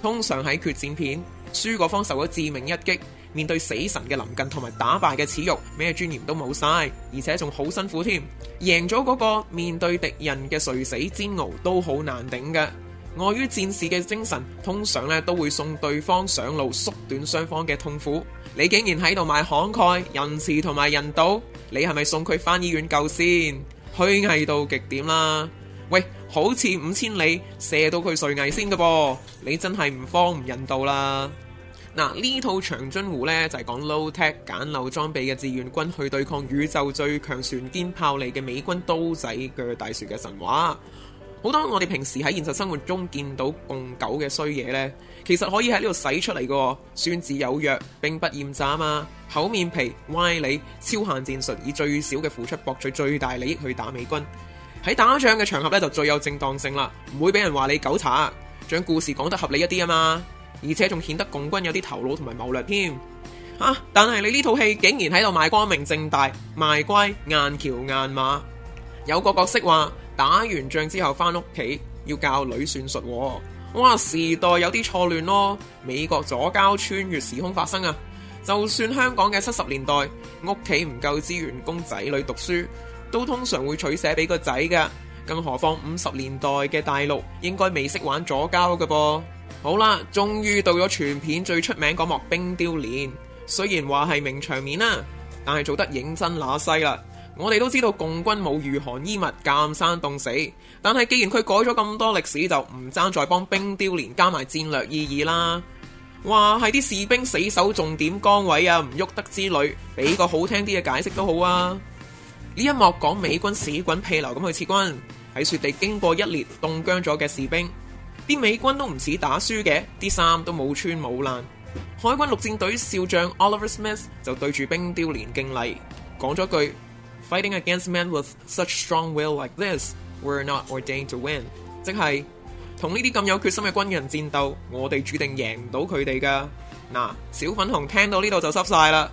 通常喺決戰片，輸嗰方受咗致命一擊，面對死神嘅臨近同埋打敗嘅恥辱，咩尊嚴都冇晒，而且仲好辛苦添。贏咗嗰個面對敵人嘅垂死煎熬都好難頂嘅。礙於戰士嘅精神，通常咧都會送對方上路，縮短雙方嘅痛苦。你竟然喺度賣慷慨仁慈同埋人道，你係咪送佢返醫院救先？虛偽到極點啦！喂，好似五千里射到佢碎偽先㗎噃，你真係唔慌唔人道啦！嗱，呢套長津湖呢，就係、是、講 low Tech 簡陋裝備嘅志願軍去對抗宇宙最強船堅炮利嘅美軍刀仔鋸大船嘅神話。好多我哋平時喺現實生活中見到共狗嘅衰嘢呢，其實可以喺呢度使出嚟嘅，孫子有約並不厭詐啊嘛！厚面皮歪理超限戰術，以最少嘅付出博取最大利益去打美軍，喺打仗嘅場合呢，就最有正當性啦，唔會俾人話你狗賊，將故事講得合理一啲啊嘛！而且仲顯得共軍有啲頭腦同埋謀略添、啊、但係你呢套戲竟然喺度賣光明正大賣乖硬橋硬馬，有個角色話。打完仗之後翻屋企要教女算術。哦，哇！時代有啲錯亂咯。美國左膠穿越時空發生啊！就算香港嘅七十年代屋企唔夠資源供仔女讀書，都通常會取捨俾個仔嘅。更何況五十年代嘅大陸應該未識玩左膠嘅噃。好啦，終於到咗全片最出名嗰幕冰雕連，雖然話係名場面啦，啊，但係做得認真乸西啦。我哋都知道共軍冇御寒衣物，鑑生凍死。但係既然佢改咗咁多歷史，就唔爭再幫冰雕連加埋戰略意義啦。話係啲士兵死守重點崗位啊，唔喐得之類，俾個好聽啲嘅解釋都好啊。呢一幕講美軍屎滾屁流咁去撤軍，喺雪地經過一列凍僵咗嘅士兵，啲美軍都唔似打輸嘅，啲衫都冇穿冇爛。海軍陸戰隊少將 Oliver Smith 就對住冰雕連敬禮，講咗句。Fighting against men with such strong will like this we're not ordained to win，即係同呢啲咁有決心嘅軍人戰鬥，我哋注定贏唔到佢哋㗎。嗱，小粉紅聽到呢度就濕晒啦。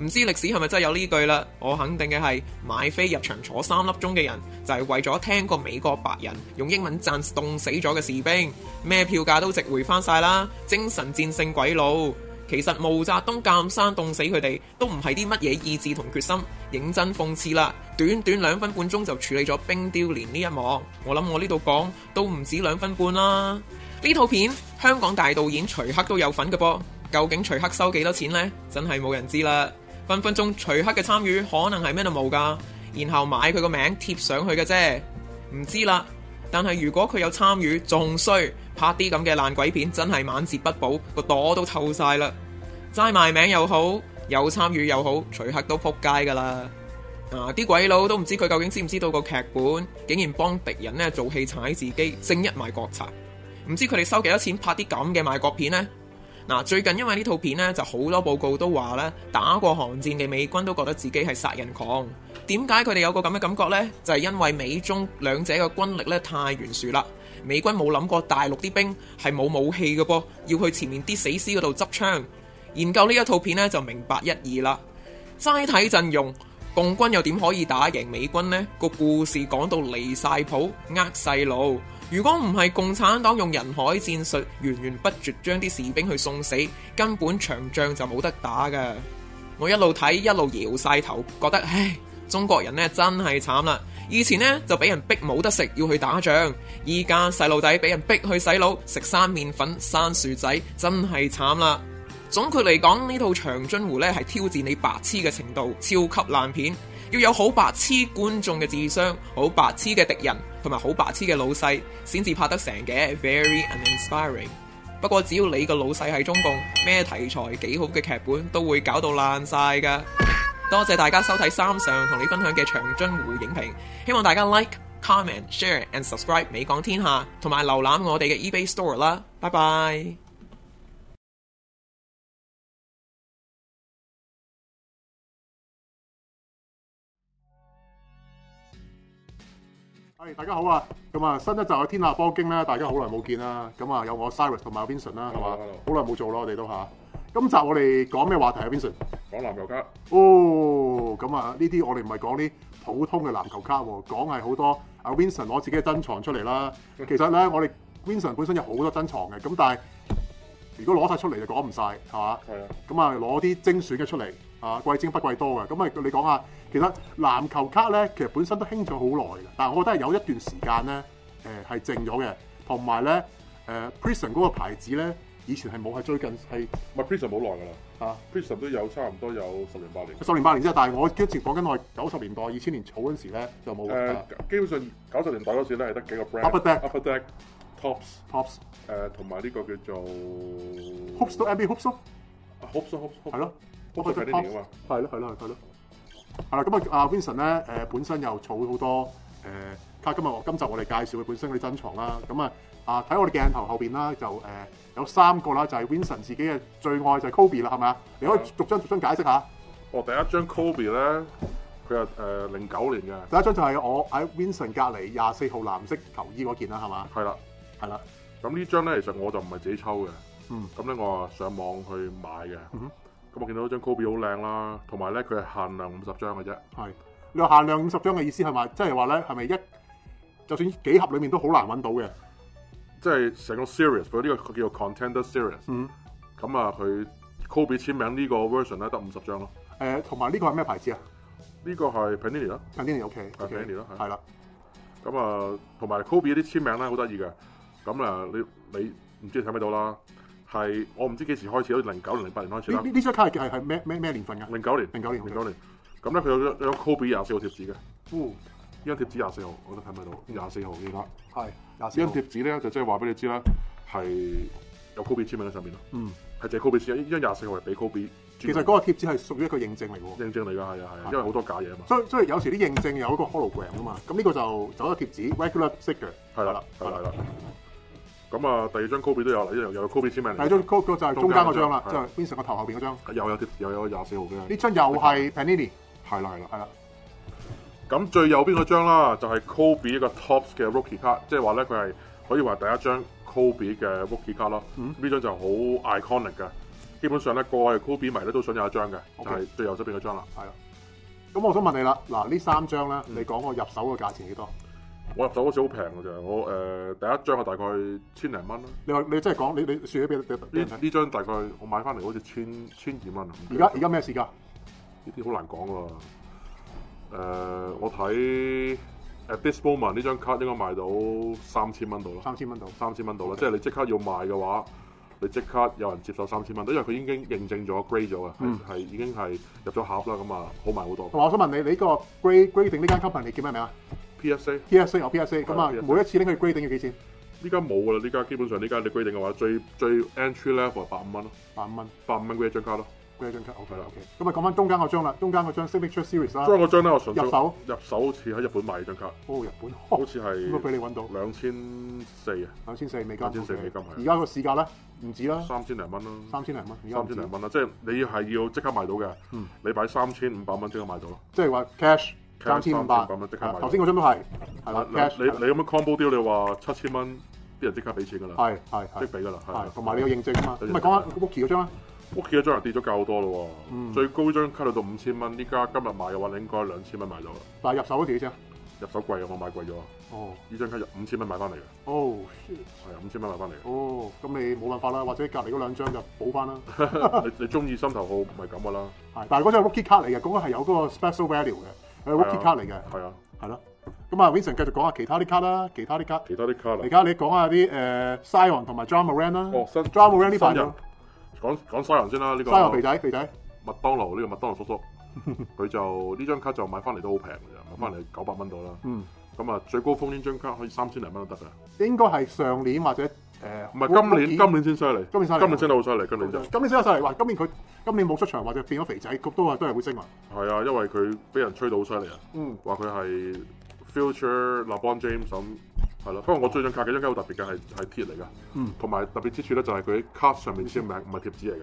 唔知歷史係咪真係有呢句啦？我肯定嘅係買飛入場坐三粒鐘嘅人，就係為咗聽過美國白人用英文讚凍死咗嘅士兵，咩票價都值回翻晒啦，精神戰勝鬼佬。其實毛澤東監生凍死，佢哋都唔係啲乜嘢意志同決心，認真諷刺啦！短短兩分半鐘就處理咗冰雕連呢一幕，我諗我呢度講都唔止兩分半啦！呢套片香港大導演徐克都有份嘅噃，究竟徐克收幾多錢呢？真係冇人知啦！分分鐘徐克嘅參與可能係咩都冇噶，然後買佢個名貼上去嘅啫，唔知啦。但係如果佢有參與，仲衰。拍啲咁嘅爛鬼片真係晚節不保，個朵都臭晒啦！齋賣名又好，有參與又參與好，隨刻都扑街噶啦！啲鬼佬都唔知佢究竟知唔知道,知不知道個劇本，竟然幫敵人呢做戲踩自己，正一賣國賊！唔知佢哋收幾多錢拍啲咁嘅賣國片呢？嗱、啊，最近因為呢套片呢，就好多報告都話呢打過韓戰嘅美軍都覺得自己係殺人狂。點解佢哋有個咁嘅感覺呢？就係、是、因為美中兩者嘅軍力咧太懸殊啦。美軍冇諗過大陸啲兵係冇武器嘅噃，要去前面啲死屍嗰度執槍。研究呢一套片呢，就明白一二啦。齋睇陣容，共軍又點可以打贏美軍呢？個故事講到離晒譜，呃細路。如果唔係共產黨用人海戰術，源源不絕將啲士兵去送死，根本長仗就冇得打㗎。我一路睇一路搖晒頭，覺得唉。中國人咧真係慘啦，以前咧就俾人逼冇得食要去打仗，依家細路仔俾人逼去洗腦，食生麵粉、生薯仔，真係慘啦。總括嚟講呢套長津湖咧係挑戰你白痴嘅程度，超級爛片，要有好白痴觀眾嘅智商、好白痴嘅敵人同埋好白痴嘅老細先至拍得成嘅，Very uninspiring。不過只要你個老細係中共，咩題材幾好嘅劇本都會搞到爛晒㗎。多謝大家收睇三上同你分享嘅長津湖影評，希望大家 like、comment、share and subscribe 美港天下，同埋瀏覽我哋嘅 eBay store 啦，拜拜。
係大家好啊，咁啊新一集嘅天下波經咧，大家好
耐冇見啦，咁啊有我 Cyrus 同埋 Vincent 啦，係嘛？好耐冇做啦，我哋都嚇。今集我哋講咩話題啊？Vincent 講，球、oh，講籃球卡哦，咁啊呢啲我哋唔係講啲普通嘅籃球卡喎，講係好多啊 Vincent 攞自己嘅珍藏出嚟啦。 其實咧，我哋 Vincent 本身有好多珍藏嘅，咁但係如果攞晒出嚟就講唔晒。係嘛？係啊。咁啊，攞啲精選嘅出嚟，啊貴精不貴多嘅。咁啊，你講下其實籃球卡咧，其實本身都興咗好耐嘅，但係我覺得係有一段時間咧，係靜咗嘅，同埋咧誒 Prison 嗰個牌子咧。以前係冇，係最近係唔係 Vincent 冇耐㗎啦
？Vincent 都有差唔多有十年八年。十年八年之後，但
係我之前講緊我九十年代、二千年儲嗰陣時咧，就冇啦、呃。
基本上九十年代嗰時咧係得幾個 brand，Upper Deck、呃、Tops、Tops 誒，同埋呢個叫做 Hoops to NBA Hoops 咯、哦啊，Hoops
Hoops 咯，Hoops 就係 to、啊、呢點啊嘛，係咯係咯係咯係咯。係啦，咁啊，Vincent 咧誒本身又儲好多誒，睇、呃、下今日我今集我哋介紹佢本身嗰啲珍藏啦，咁啊。啊啊！睇我哋鏡頭後邊啦，就誒、呃、有三個啦，就係、是、Vincent 自己嘅最愛就係 Kobe 啦，係咪啊？你可以逐張逐張解釋下。哦，第一張 Kobe 咧，佢係誒零九年嘅。第一張就係我喺 Vincent 隔離廿四號藍色球衣嗰件啦，係嘛？係啦，係啦。
咁呢張咧，其實我就唔係自己抽嘅，嗯。咁咧，我啊上網去買嘅。咁、嗯、我見到張 Kobe 好靚啦，同埋咧佢係限量五十張嘅啫。
係你話限量五十張嘅意思係咪？即係話咧係咪一就算幾盒裡面都好難揾
到嘅？即係成個 series 佢呢個叫做 Contender Series，嗯，咁啊，佢 Kobe 簽名呢個 version 咧得五十張咯、呃。誒，同埋呢個係咩牌子啊？呢、呢個係 Panini 咯。Panini OK、嗯。Panini 咯，係。係啦。咁啊，同埋 Kobe 啲簽名咧好得意嘅。咁啊，你你唔知睇咩到啦？係我唔知幾時開始好似零九、零八年，年開始啦。呢呢張卡係係咩咩咩年份啊？零九年，零九年，零、okay. 九年。咁咧佢有有 Kobe 廿四號貼紙嘅、嗯。呢張貼紙廿四號，我都睇唔到，廿、嗯、四號,號呢？家、就是。係廿四。張貼紙咧就即係話俾你知啦，係有 Kobe 簽名喺上面。嗯，係借 Kobe 簽啊，呢張廿四號係俾 Kobe。
其實嗰個貼紙係屬於一個認證嚟嘅喎。認證嚟㗎係啊係，因為好多假嘢啊嘛。所以所以有時啲認證有一個 hologram 㗎嘛，咁呢個就走咗貼紙 regular 色嘅。係啦，係啦，係啦。咁啊，第二張 Kobe 都有啦，又有 Kobe 簽名嚟。第二張 Kobe 就係中間嗰張啦，就變成個頭後面嗰張。
有有貼又有廿四號嘅，呢張又係 Panini 是。係啦，係啦，啦。咁最右邊嗰張啦，就係 Kobe 一個 Topps 嘅 Rookie 卡，即係話咧佢係可以話第一張 Kobe 嘅 Rookie 卡咯。呢張就好 iconic 嘅，基本上咧過去 Kobe 迷咧都想有一張嘅，就、okay. 係最右側邊嗰張啦。係啦，
咁我想問你啦，嗱呢三張咧，你講我入手嘅價錢幾多？
我入手嗰時好平嘅啫，我誒第一張係大概千零蚊咯。
你話你真係講你你算起俾？呢
呢張大概我買翻嚟好似千千二蚊。而家而家咩市價？呢啲好難講喎。誒、uh,，我睇 at this moment 呢張卡應該賣到三千蚊到啦。三千蚊到，三千蚊到啦。Okay. 即係你即刻要賣嘅話，你即刻有人接受三千蚊到，因為佢已經認證咗 grade 咗嘅，係、嗯、已經係入咗盒啦。咁啊，好賣好多。同、
嗯、埋我想問你，你呢個 grade grade 定呢間級別係叫咩名啊 p s a p s a 由 p s a 咁啊，PSA, PSA, PSA, PSA, PSA, PSA 每一次拎佢 grade 定要幾錢？依家冇噶
啦，依家基本上呢家你 grade 定嘅話，最最 entry level 係百五蚊咯，百五蚊，百五蚊嗰一張卡咯。呢張
卡好嘅啦，OK, okay，嗯。咁、嗯、啊，講翻中間嗰張啦，中間嗰張 Signature Series 啦。中間嗰張咧，我純手入手，
入手好似喺日本買張卡。哦，日本，好似係。都俾你揾到兩千四啊，兩千四美金。兩千四美金係。而家個市價咧，唔止啦。三千零蚊啦。三千零蚊。三千零蚊啦，即係你係要即刻賣到嘅、嗯。你擺三千五百蚊即刻賣到咯。
即係話 cash，三千五百蚊即刻賣。頭先嗰張都係，係
啦。你你咁樣 combo 掉，你話七千蚊，啲人即刻俾錢㗎啦。係係係。即俾㗎啦，係。同埋你要認證啊嘛。唔咪講
下屋企嗰張啦。
我幾張人跌咗價好多咯，嗯、最高張卡到到五千蚊，依家今日買嘅話，你應該兩千蚊買咗啦。但係入手幾錢啊？入手貴啊，我買貴咗啊、哦哦。哦，呢張卡入五千蚊買翻嚟嘅。哦，係五千蚊買翻嚟。
哦，咁你冇辦法啦，或者隔離嗰兩張就補翻啦。
你你中意心頭
好唔係咁噶啦。係， 但係嗰張 Rookie 卡嚟嘅，咁啊係有嗰個 special value 嘅，係 Rookie 卡嚟嘅。係啊。係、啊、咯。咁啊、啊、嗯、Vincent 繼續講下其他啲卡啦，其他啲卡。其他啲卡啦。而家你講下啲 Zion 同埋 Ja Morant 啦。哦，Ja Morant 呢排。
講講沙皇先啦，呢、這個沙皇肥仔肥仔，麥當勞呢、這個麥當勞叔叔，佢 就呢張卡就買翻嚟都好平嘅，買翻嚟九百蚊到啦。嗯，咁啊最高峰呢張卡可以三千零蚊都得㗎。
應該係上年或者誒，唔係今年，今
年先犀利，今年犀利，今年真係好犀利，今年就
今年真係犀利。話今年佢今年冇出場或者變咗肥仔，佢都話都係會升啊。
係啊，因為佢俾人吹到好犀利啊。嗯，話佢係 future LeBron James 咁。係咯，不過我最想夾卡嘅張卡好特別嘅，係係貼嚟噶，嗯，同埋特別之處咧就係佢喺卡上面簽名，唔係貼紙嚟嘅。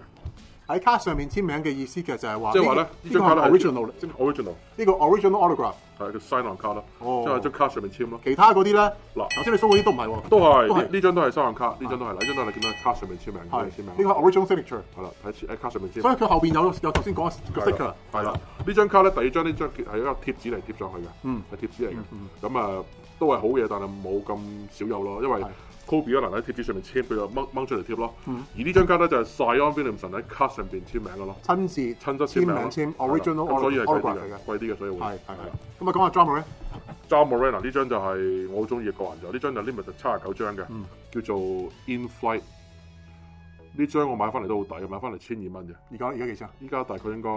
喺卡上面簽名嘅意思其實就係話，即係話咧呢張卡咧、這個、original 咧，即係 original 呢個 original autograph 係個 sign on 卡咯，card, 哦，即係喺張卡上面簽咯。其他嗰啲咧嗱，頭先你送嗰啲都唔係喎，都係呢張都係
signature 卡，呢張都係，呢張都係喺卡上面簽名，係簽名
呢個 original signature
係啦，喺喺卡上面簽。所以佢後邊有
有頭先講嘅特色噶，係啦。呢、
那個、張卡咧第二張呢張係一個貼紙嚟貼上去嘅，嗯，係貼紙嚟嘅，咁啊。都係好嘢，但係冇咁少有咯，因為 Kobe 可能喺貼紙上，簽貼、嗯、上面簽，佢就掹掹出嚟貼咯。而呢張卡咧就係 Zion Williamson 喺卡上邊簽名嘅咯，
親自親筆簽，簽名簽，簽 original original 嚟嘅，
貴啲嘅，所以會係係
係。咁啊講下 Ja Morant
咧，Ja Morant 呢張就係我好中意嘅個人就呢張就 limit 七十九張嘅，嗯，叫做 In Flight。呢張我買翻嚟都好抵，買翻嚟千二蚊嘅。而家而家幾錢啊？依家大概應該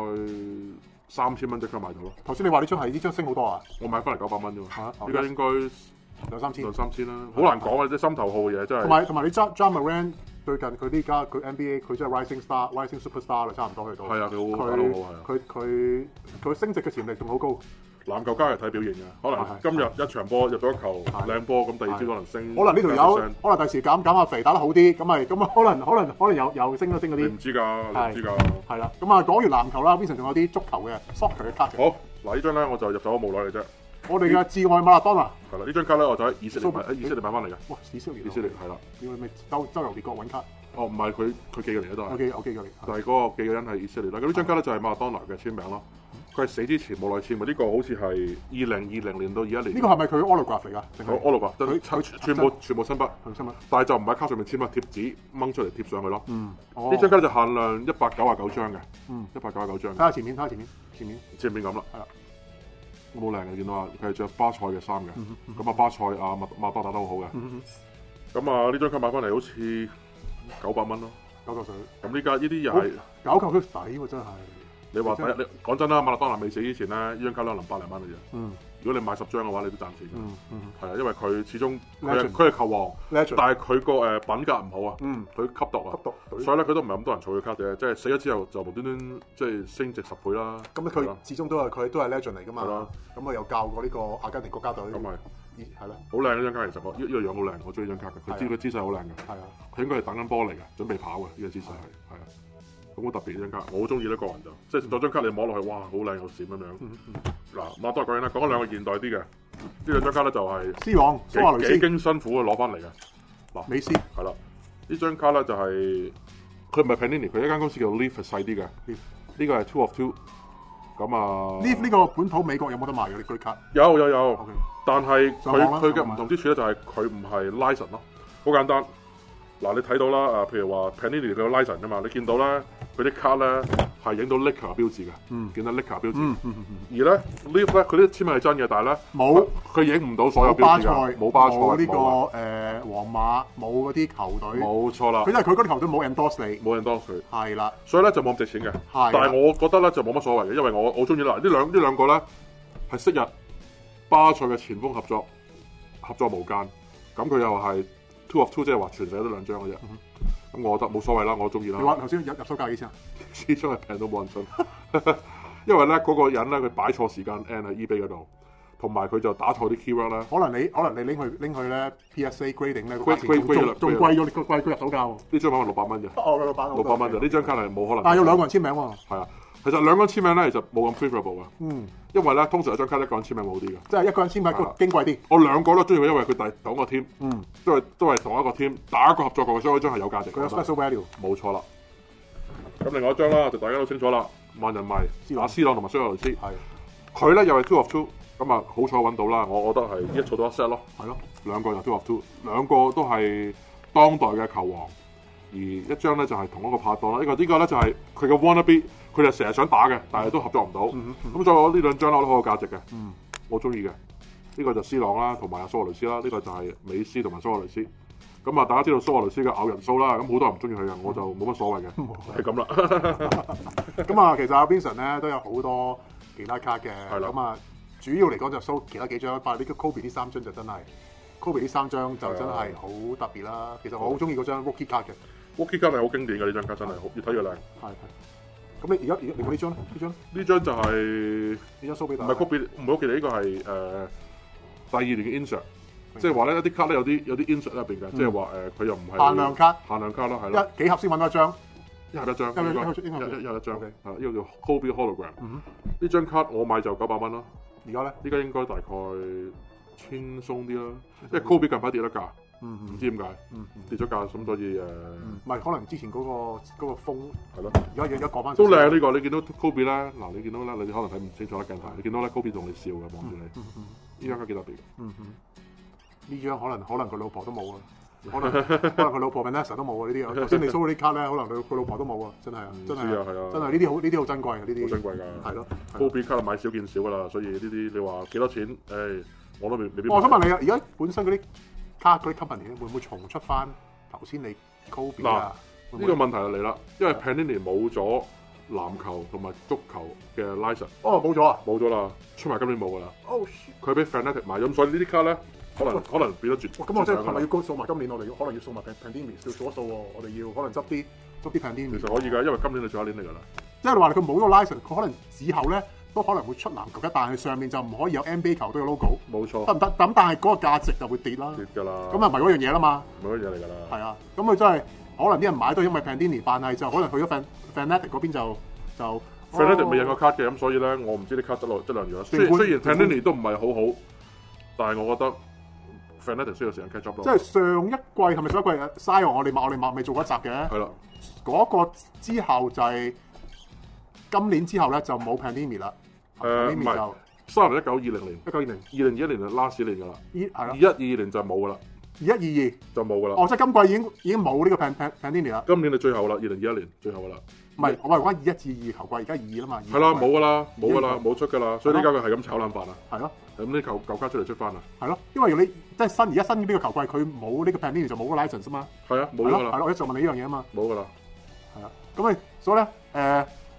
三千蚊即刻買到咯。頭先
你話呢張係呢張升好多啊？我買
翻嚟九百蚊啫嘛。嚇！依家應該 兩三千。兩三千啦。好難講啊，即 係心頭好嘅嘢真係。同埋
同埋你扎扎麥瑞恩最近佢呢家佢 NBA 佢真係 rising star、rising superstar 啦，差唔多去到。係啊，佢好佢佢佢升值嘅潛力仲好高。
籃球卡係睇表現嘅，可能今日一場波入咗一球靚波，咁第二朝可能升可能。可能呢條友，
可能第時減減下肥，打得好啲，咁咪咁啊？可能可能可能又又升，了升了一升嗰
啲。唔知㗎，唔知㗎。係啦，
咁啊講完籃球啦，Vincent 仲有啲足球嘅 soccer 嘅卡。好，
嗱呢張咧我就入咗冇耐嘅啫。
我哋嘅摯愛馬拉當拿。係
啦，呢張卡咧我喺以色列喺以色列買翻嚟嘅。哇，以色列。以色列係啦。
要咪周周遊列國
揾卡？哦，唔係佢佢幾個人都係。O K，有幾個人？就係、是、嗰、那個幾個人係以色列啦。咁呢張卡咧就係馬拉當拿嘅簽名咯。佢死之前冇耐簽嘛？呢、這個好似係二零二零年到二一年。呢、這個係咪
佢 autograph 嚟㗎？好
，autograph，全部全部，全部新筆，係咪新筆？但係就唔係卡上面簽啊，貼紙掹出嚟貼上去咯。嗯，哦。呢張卡就限量一百九啊九張嘅，嗯，一百九啊九張。睇下前面，睇下前面，前面，前面咁啦，係啦。好靚嘅，見到啊！佢係着巴塞嘅衫嘅，咁、嗯、啊、嗯、巴塞啊麥麥多打得好的、嗯、好嘅。咁啊呢張卡買翻嚟好似九百蚊咯，嗯、
九舊水。
咁呢家呢啲又
係九舊水使喎，真係。
你話睇你講真啦，馬勒當拿未死之前咧，呢張卡都係零百零蚊嘅啫。嗯，如果你買十張嘅話，你都賺錢嘅。嗯嗯，係啊，因為佢始終佢係球王。Legend，但係佢個誒品格唔好啊。嗯，佢吸毒啊。吸毒。所以咧，佢都唔係咁多人儲佢卡嘅，即係死咗之後就無端端即係升值十倍啦。咁佢
始終都係佢都係 Legend 嚟噶嘛。咁我又教過呢個阿根廷國家隊。咁咪，係咯。
好靚呢張卡其實，呢個樣好靚，我中意張卡嘅。係啊。佢姿佢姿勢好靚㗎。
係啊。
佢應該係等緊波嚟㗎，準備跑㗎。呢個姿勢係係啊。好特別呢張卡，我好中意呢個人就，即係成張卡你摸落去，哇，好靚好閃咁樣。嗱、嗯，多講樣啦，講兩個現代啲嘅，呢兩張卡咧就係斯
旺，斯旺雷斯幾
經辛苦攞翻嚟嘅。嗱、啊，美斯係啦，呢張卡咧就係佢唔係 Panini，佢一間公司叫 Leaf 細啲嘅 Leaf，呢個係 Two of Two、啊。咁啊，Leaf
呢個本土美國有冇得賣嘅呢張卡？
有有有，okay. 但係佢佢嘅唔同之處咧就係佢唔係 License 咯，好、就是、簡單。嗱、啊，你睇到啦，啊，譬如話 Panini 佢有 License 噶嘛，你見到啦。佢啲卡咧係影到 Liquor 嘅標誌嘅，嗯，見到 Liquor 標誌、
嗯。
而咧 Liquor 咧，佢啲簽名係真嘅，但係咧冇，佢影唔到所有標誌嘅，冇巴塞，呢、呢個
誒皇、呃、馬，冇嗰啲球隊，冇錯啦。佢因為
佢嗰個球隊冇 endorse 你，冇 endorse 佢，係啦。所以咧就冇咁值錢嘅，係。但係我覺得咧就冇乜所謂嘅，因為我我中意啦。這兩這兩個呢兩呢兩個咧係昔日巴塞嘅前鋒合作，合作無間。咁佢又係 two of two，即係話全世都兩張嘅啫。嗯。咁我覺得冇所謂啦，我中意啦。你話
頭先入入手價幾錢？
始終係平到冇人信， 因為咧嗰個人咧佢擺錯時間 n d eBay 嗰度，同埋
佢就打錯啲 keyword 啦。可能你可能你拎去拎去咧 psa grading 咧，佢貴貴啦，貴咗貴貴入手呢張牌係六百蚊啫，哦，六百蚊六百蚊啫呢張卡係冇可能。但係有兩個人簽名喎，
係啊，其實兩個人簽名咧，其實冇咁 preferable 嘅。嗯。因為咧，通常一張卡一個人簽名冇啲嘅，
即係一個人簽名個
矜貴啲。我兩個都中意佢，因為佢第同一個 team，都係都係同一個 team、嗯、打一個合作過嘅，所以張係有價值。佢有 special value，冇錯啦。咁另外一張啦，就大家都清楚啦，萬人迷斯朗斯朗同埋蘇亞雷斯係佢咧，又係 two of two，咁啊好彩揾到啦。我覺得係一坐到一 set 咯，係咯，兩個又 two of two，兩個都係當代嘅球王，而一張咧就係同一個拍檔啦。呢個呢個咧就係佢嘅 wanna be。佢就成日想打嘅，但係都合作唔到。咁再講呢兩張啦，我都好有價值嘅、
嗯，
我中意嘅。呢個就 C 朗啦，同埋阿蘇亞雷斯啦。呢個就係美斯同埋蘇亞雷斯。咁啊，大家知道
蘇亞雷斯嘅咬人蘇啦，咁好多人唔中意佢嘅，我就冇乜所謂嘅。係咁啦。咁 啊這樣， 其實阿 Vincent 呢都有好多其他卡嘅。係啦。咁啊，主要嚟講就收其他幾張，但係呢個 Kobe 呢三張就真係 Kobe 呢三張就真係好特別啦。其實我好中意嗰張 Rookie 卡嘅。Rookie 卡係好經典嘅，呢張卡真係好，的要看越睇越靚。係係。咁你而家而家你冇呢張
咧？呢張呢張就係呢張 show 俾大家唔係 Kobe，唔係我記住呢個係誒第二年嘅 insert，即係話咧一啲卡咧有啲有啲 insert 喺入邊嘅，即係話誒佢又唔
係限量卡限量卡咯，係咯一幾盒先揾到一張一張一張
一張一張，啊呢個叫 Kobe hologram 呢張卡我買就九百蚊咯，而家咧依家應該大概輕鬆啲啦，因為 Kobe 近排跌得㗎。唔、嗯嗯、知點解，跌咗價，咁所以誒，唔、
嗯、係、嗯、可能之前嗰、那個嗰、那個風，係咯，而家而過翻都靚呢、這
個，你見到 Kobe 咧，嗱你見到咧，你可能睇唔清楚得更大，你見到咧 Kobe 同你笑嘅，望住你，
呢張都幾特別，嗯呢、嗯、張、嗯、可能可能佢老婆都冇啊，可能 可能佢老婆 Vanessa 都冇啊，呢啲啊，頭 先你 show 啲卡咧，可能佢老婆都冇啊，真係啊，真係啊，係啊，真係呢啲好呢啲好珍貴嘅呢啲，好珍貴㗎，係咯
，Kobe 卡買少見少㗎啦，所以呢啲你話幾多錢，誒、哎，我都未，我想問你啊，而
家本身嗰啲。卡嗰啲級別年會唔會重出翻頭先你高啲
啊？嗱，呢、呢個問題就嚟啦，因為 Panini 冇咗籃球同埋足球嘅 license。哦，冇咗啊！冇咗啦，出埋今年冇噶啦。哦，佢俾 Fanatic 買咁，所以呢啲卡咧可能可能變咗絕。咁我即係係咪要高
數埋今年，我哋要可能要數埋 Panini 少咗數喎，我哋要可能執啲執啲 Panini。其實可以㗎，因為今年係最後一年嚟㗎啦。即係話佢冇咗 license，佢可能以後咧。都可能會出籃球嘅，但係上面就唔可以有 NBA 球隊嘅 logo。冇錯，得唔得？咁但係嗰個價值就會跌啦。跌㗎啦。咁啊，唔係嗰樣嘢啦嘛。唔係嗰樣嘢嚟㗎啦。係啊，咁佢真係可能啲人買都係因為 Panini 辦係就可能去咗 Fan Fanatic 嗰邊就
就。Fanatic 未、oh, 有個卡嘅，咁所以咧我唔知啲卡得落質量如何。雖然，然 Panini 都唔係好好，但係我覺得 Fanatic 需要時間 catch
up 咯。即、就、係、是、上一季係咪上一季 style 我哋我哋未做過一集嘅。係咯。嗰、那個之後就係、是。今年之後咧就冇 Panini 啦 Panini
就三零一九二零年一九二零二零二一年就 last 年 e a 噶啦，二係啦二一二年就冇噶啦，二一二二就冇噶啦，哦即係
今季已經已經冇呢個 Pan Pan Panini 啦，
今年就最後啦，二零二一年最後噶啦，唔係我話關於二一至二球
季而家二啦嘛，係啦冇噶啦冇噶啦冇
出噶啦，所以呢家佢係咁炒冷飯啊，係咯，咁呢球
舊卡出嚟出翻啊，係咯，因為你即係新而家新呢個球季佢冇呢個 Panini 就冇個 license 嘛，係啊冇噶啦，係咯，我一陣問你呢樣嘢啊嘛，冇噶啦，係啊，咁啊所以咧誒。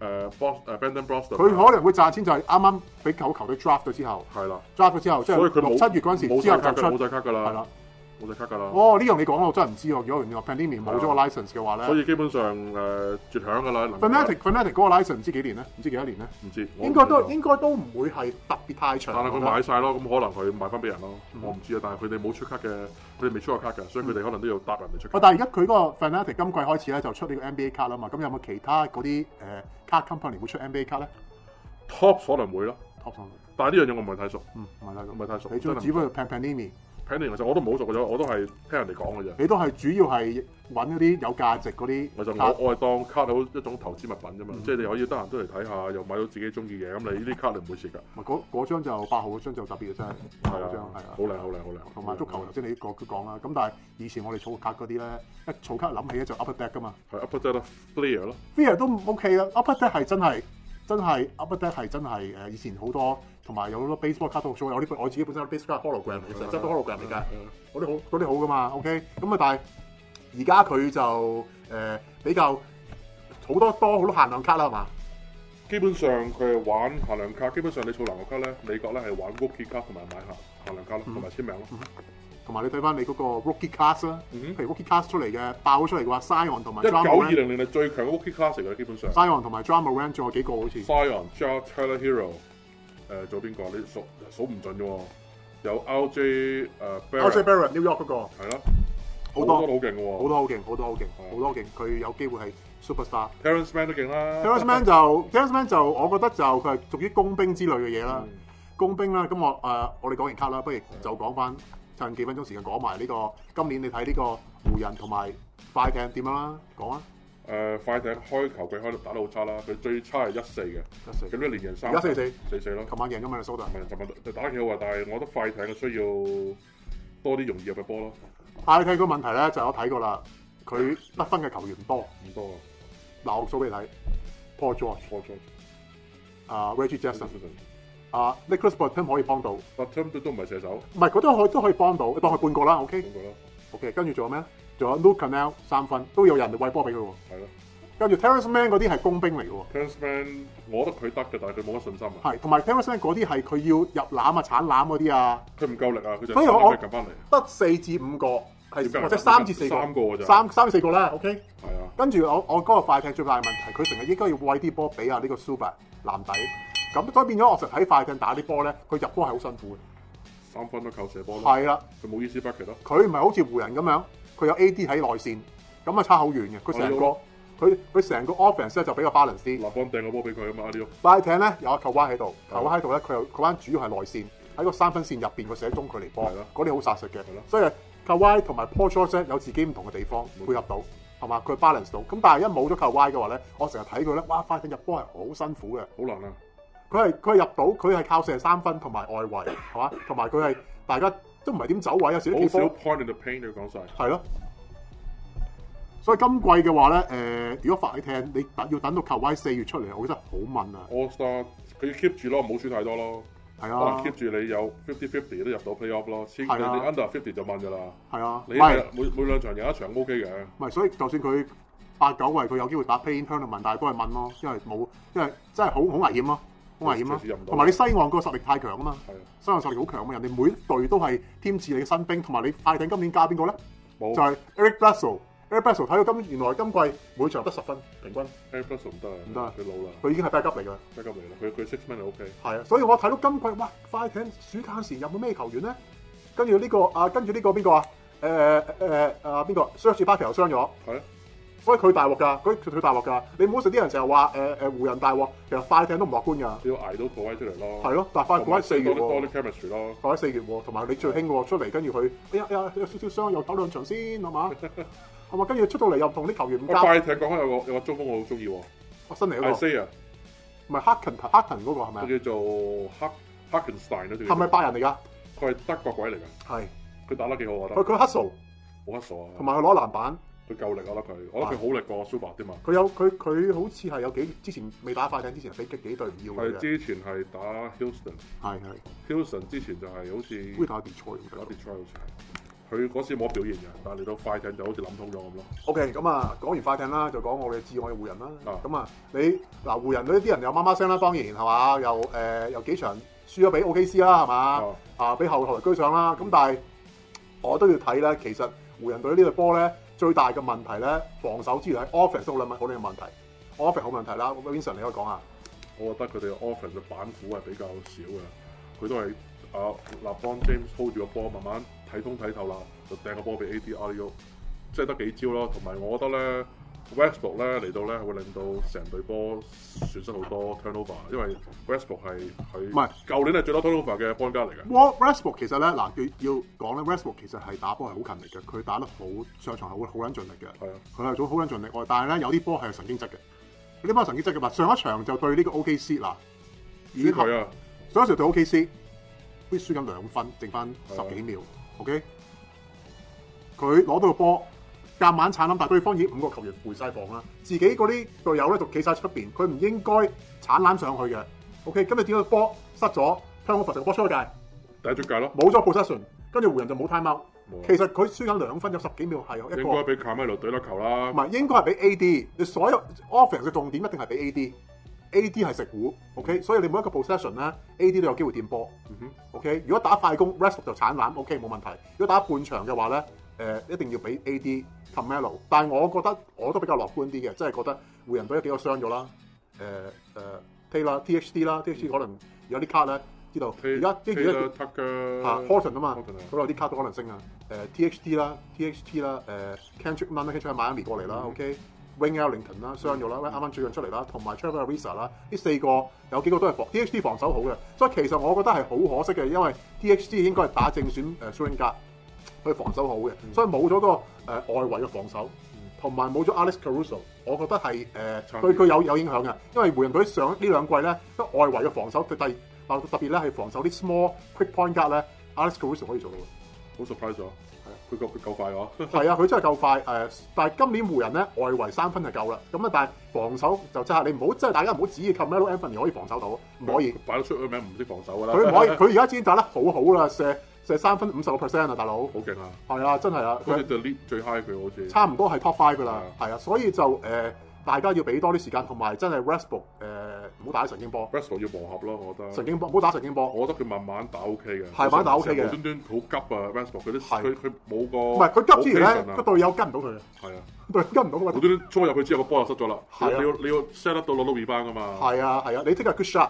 誒 Boston 誒 Brandon Boston 佢可能會賺錢就係啱啱俾球球隊 draft 咗之後，係啦，draft 咗之後，所以佢六七月嗰陣時冇晒卡㗎喇，冇晒卡㗎喇，係啦。冇出卡噶啦！哦，呢、這、樣、個、你講我真係唔知喎。如果原來 Panini 冇咗個 license 嘅、啊、話咧，所以基
本上誒、呃、絕響噶啦。Fanatic，Fanatic 嗰個 license 唔知幾年咧？唔知幾多年咧？唔知，知應該都
應該都唔會係特別太長。但係佢買
晒咯，咁可能佢賣翻俾人咯、嗯。我唔知啊，但係佢哋冇出卡嘅，佢哋未出過卡嘅，所以佢哋可能都要搭人哋出卡、嗯。啊！但係而
家佢嗰個 Fanatic 今季開始咧就出呢個 NBA 卡啦嘛。咁有冇其他嗰啲誒卡 company 會出 NBA 卡咧
？Top 可能會咯，Top。但係呢樣嘢我唔係太熟，唔係太熟，唔係太熟，你只不過
Panini 睇嚟其實我都冇做過，我都係聽人哋講嘅啫。你都係主要係揾嗰啲有價值嗰啲。我就我係當卡係一種投資物品啫嘛，即、嗯、係、就是、你可以得閒都嚟
睇下，又買到自己中意嘢。咁你呢啲卡你唔會蝕
㗎。嗰張就八號嗰張就特別真係。係啊，係啊，好靚，好靚，好靚。同埋足球頭先、就是、你講講啦，咁但係以前我哋儲卡嗰啲咧，一儲卡諗起就 Upper Deck 㗎嘛。Upper Deck 咯 Villa 都 OK 啦，Upper Deck 係真係真係 Upper Deck 係真係、呃、以前好多。同埋有好多 baseball 卡同埋有啲，我自己本身有 baseball hologram，其實真都 hologram 嚟、mm-hmm. 噶，嗰、mm-hmm. 啲好嗰啲好噶嘛，OK，咁啊但係而家佢就誒、呃、比較好多很多好多限量卡啦，係嘛？基本上佢係玩限量卡，基本上你儲籃球卡咧，美國咧
係玩 rookie 卡同埋買限限量卡咯，同、mm-hmm.
埋簽名咯，同、mm-hmm. 埋你睇翻你嗰個 rookie cards、mm-hmm. 譬如 rookie cards 出嚟嘅爆咗出嚟嘅話，Sion 同埋一九二
零年代最強 rookie class 基本上
Sion 同埋 Drama Rant 仲有幾
個好似 Sion，Char，Taylor，Hero 誒左邊個，你數數唔準啫喎，
有 R、uh, J 誒 New York 嗰、那個，咯，好多,多都好勁喎，好多好勁，好多好勁，好、uh, 多勁，佢有機會係 superstar Man。Terrence Mann 都勁啦 Terrence Mann 就、uh, Terrence Mann 就,、uh, 就我覺得就佢係屬於工兵之類嘅嘢啦，uh, 工兵啦，咁我誒、呃、我哋講完卡啦，不如就講翻趁幾分鐘時間講埋呢個今年你睇呢個湖人同埋快艇點樣啦，講啊！誒、uh,，快艇開球季開打得好差啦，佢最差係一
四嘅，一四咁樣連贏三一四四四四咯，琴晚贏咗嘛蘇打？唔係，琴晚就打得幾好啊，但係我覺得快
艇需要多啲容易入嘅波咯。快艇個問題咧就我睇過啦，佢得分嘅球員唔多，唔多啊，嗱，我數俾你睇，Paul George，Paul George，啊，Reggie Jackson，啊，Nicholas Burton 可以幫到，Burton 都都唔係射手，唔係，佢都可，都可以幫到，當佢半個啦，OK，半個啦，OK，跟住仲有咩？仲有 Luke k e n a l 三分，都有人哋喂波俾佢喎。咯，跟住 t e r r a c Man 嗰啲係工兵嚟嘅喎。t e r r a c Man，我覺得佢得嘅，但係佢冇乜信心啊。係，同埋 t e r r a c Man 嗰啲係佢要入籃啊、搶籃嗰啲啊。佢唔夠力啊，佢就係咁樣夾翻嚟。得四至五個
係，或者三至四個，三個、就是、
三至四個啦。OK。係啊。跟住我我嗰個快艇最大嘅問題，佢成日應該要喂啲波俾啊呢個 Super 籃底。咁所以變咗，我成日喺快艇打啲波咧，佢入波係好辛苦嘅。三分都靠射波咯。係啦。佢冇意思北 y p 咯。佢唔係好似湖人咁樣。佢有 A.D 喺內線，咁啊差好遠嘅。佢成個佢佢成個 offense 咧就比較 balance 啲。嗱，幫我掟個波俾佢啊嘛？a r 快艇咧有一 Kawhi 喺度，Kawhi 喺度咧佢又佢班主要係內線喺個三分線入邊個射中距離波，嗰啲好殺食嘅。所以 Kawhi 同埋 Paul George 有自己唔同嘅地方配合它到，係嘛？佢 balance 到。咁但係一冇咗 Kawhi 嘅話咧，我成日睇佢咧，哇！快艇入波係好辛苦嘅。好難啊！佢係佢係入到，佢係靠射三分同埋外圍，係嘛？同埋佢係大家。都唔係點走位，啊，少少 point
in the pain 你講晒，
係咯、啊，所以今季嘅話咧，誒、呃，如果發俾聽，你要等到球威四月出嚟，我覺得好問啊。All star，佢要 keep 住咯，唔好輸太多咯。係啊，可能 keep
住你有 fifty fifty 都入到 playoff 咯。千幾你 under fifty 就問㗎啦。係啊，你係、啊、每每兩場有一場 OK 嘅。
唔係，所以就算佢八九位，佢有機會打 play-in 但係都係問咯，因為冇，因為真係好好危險咯。好危險咯、啊，同埋你西岸個實力太強啊嘛，西岸實力好強啊嘛，人哋每隊都係添置你嘅新兵，同埋你快艇今年加邊個咧？冇就係 Eric Bledsoe，Eric Bledsoe 睇到今原來今季每場得十分
平均，Eric Bledsoe 唔得，唔得佢老啦，佢已經係 back up
嚟噶，back up 嚟啦，佢佢 six man 又 OK，係啊，所以我睇到今季哇快艇暑假時入冇咩球員咧，跟住呢個啊跟住呢個邊個啊？誒誒啊邊、呃呃呃、個？Serge Ibaka 傷咗，係。所以佢大鑊㗎，佢佢大鑊㗎，你唔好食啲人成日話誒誒湖人大鑊，其實快艇都唔樂觀㗎。你要捱到波威出嚟咯，係咯，但係快艇四月喎，同埋你最興喎出嚟，跟住佢哎呀哎呀有少少傷，又打兩場先，係嘛係嘛， 跟住出到嚟又唔同啲球員。快、啊、艇講開有
個有個中鋒我好中意
喎，新嚟嗰、那個。I say 啊，唔係 Hakken，Hakken 嗰個係咪？叫做
Hak Hakkenstein 咯，叫、那個。係咪白人嚟㗎？佢係德國鬼嚟㗎。係。佢打得幾好 hustle,
hustle
啊？佢佢 hustle 啊，同埋佢攞籃板。佢夠力啊！啦佢，我覺得佢、啊、好力過 Super 啲嘛。
佢有佢佢好似係有幾，之前未打快艇之
前被激幾隊唔要佢，之前係打 Hilton，係係 Hilton 之前就係
好似 NBA 決賽咁樣，決賽好似佢嗰時冇表現嘅，但係嚟到快艇就好似諗通咗咁咯。OK，咁啊講完快艇啦，就講我哋嘅摯愛湖人啦。咁啊，啊，你嗱湖人隊啲人有媽媽聲啦，當然係嘛？又誒、呃、又幾場輸咗俾 OKC 啦，係嘛？啊，俾、啊、後來居上啦。咁但係我都要睇咧，其實湖人隊呢隊波咧。最大嘅問題咧，防守之餘，offence 都好撚好撚嘅問題，offence 好問題啦。Vincent 你可以講下？我覺得佢哋 offence 嘅板斧係比較少嘅，佢都係啊，勒邦
James hold 住個波，慢慢睇通睇透啦，就掟個波俾 AD 阿 U，即係得幾招咯。同埋我覺得咧。Westbrook 咧嚟到咧，會令到成隊波損失好多 turnover，因為 Westbrook 係佢。唔係，舊年係最多 turnover 嘅幫家嚟
嘅。Westbrook 其實咧，嗱要要講咧，Westbrook 其實係打波係好勤力嘅，佢打得好上場係好好撚盡力嘅。係啊，佢係種好撚盡力，但係咧有啲波係神經質嘅。呢波神經質嘅，嗱，上一場就對呢個 OKC 嗱，咦佢啊，上一場對 OKC 好似輸緊兩分，剩翻十幾秒，OK，佢攞到個波。夾硬鏟攬，但對方已五個球員回晒防啦。自己嗰啲隊友咧就企晒出邊，佢唔應該鏟攬上去嘅。O.K.，今日點解波失咗？香港佛神波出界，第一出界咯，冇咗 possession，跟住湖人就冇 time out。其實佢輸緊兩分，有十幾秒係有一個應該俾卡米奴攣粒球啦。唔係應該係俾 A.D.，你所有 offence 嘅重點一定係俾 A.D.，A.D. 係食鼓。O.K.，所以你每一個 possession 咧，A.D. 都有機會掂波。O.K. 如果打快攻，rest 就鏟攬。O.K. 冇問題。如果打半場嘅話咧。呃、一定要俾 AD Carmelo 但係我覺得我都比較樂觀啲嘅，即係覺得湖人隊有幾個傷咗啦。誒、呃、誒、呃、Taylor T H D 啦，T H D、嗯、可能有啲 card 咧，知道。而家呢邊
咧，嚇 Horton
啊嘛，嗰度啲 card 都可能升等等、呃、THD, 啊。誒 T H D 啦，T H t 啦，誒 Cantrip Man Cantrip Manley 過嚟啦。OK，Wing Lington 啦，傷咗啦。喂，啱啱最近出嚟啦，同埋 Travis 啦，呢四個有幾個都係防 T H D 防守好嘅，所以其實我覺得係好可惜嘅，因為 T H D 應該係打正選誒 s h r i n g 佢防守好嘅，所以冇咗個誒外圍嘅防守，同埋冇咗 Alex Caruso，我覺得係誒對佢有有影響嘅。因為湖人隊上呢兩季咧，都外圍嘅防守，第特別咧係防守啲 small quick point guard 咧，Alex Caruso 可以做到嘅。好 surprise 咗，係 啊，佢夠佢夠快咯，係啊，佢真係夠快誒！但係今年湖人咧外圍三分就夠啦，咁啊，但係防守就即係你唔好，即係大家唔好指意靠 Melo Anthony 可以防守到，唔可以。擺得出佢名唔識防守㗎啦。佢唔可以，佢而家先打得好好啦，射。就三分五十個 percent 啊，大佬！好勁啊！係啊，真係啊！佢就 lead
最 high 佢好似差唔
多係 top five 噶啦，係啊，啊，所以就誒、呃、大家要俾多啲時間同埋真係 basket 誒唔好打神經波。basket 要磨合咯，我覺得神經波唔好打神經波。我覺得佢慢慢打 OK
嘅、啊，慢慢打 OK 嘅。無
端
端好急啊 basket 佢啲佢佢冇個唔係佢急之前咧個
隊友跟唔到佢啊，係 啊，跟唔
到佢。無端端衝入去之後個波又失咗啦，你啊！你要，你要 set 到攞到 b i d 班噶嘛？
係啊係啊，你聽下 good shot。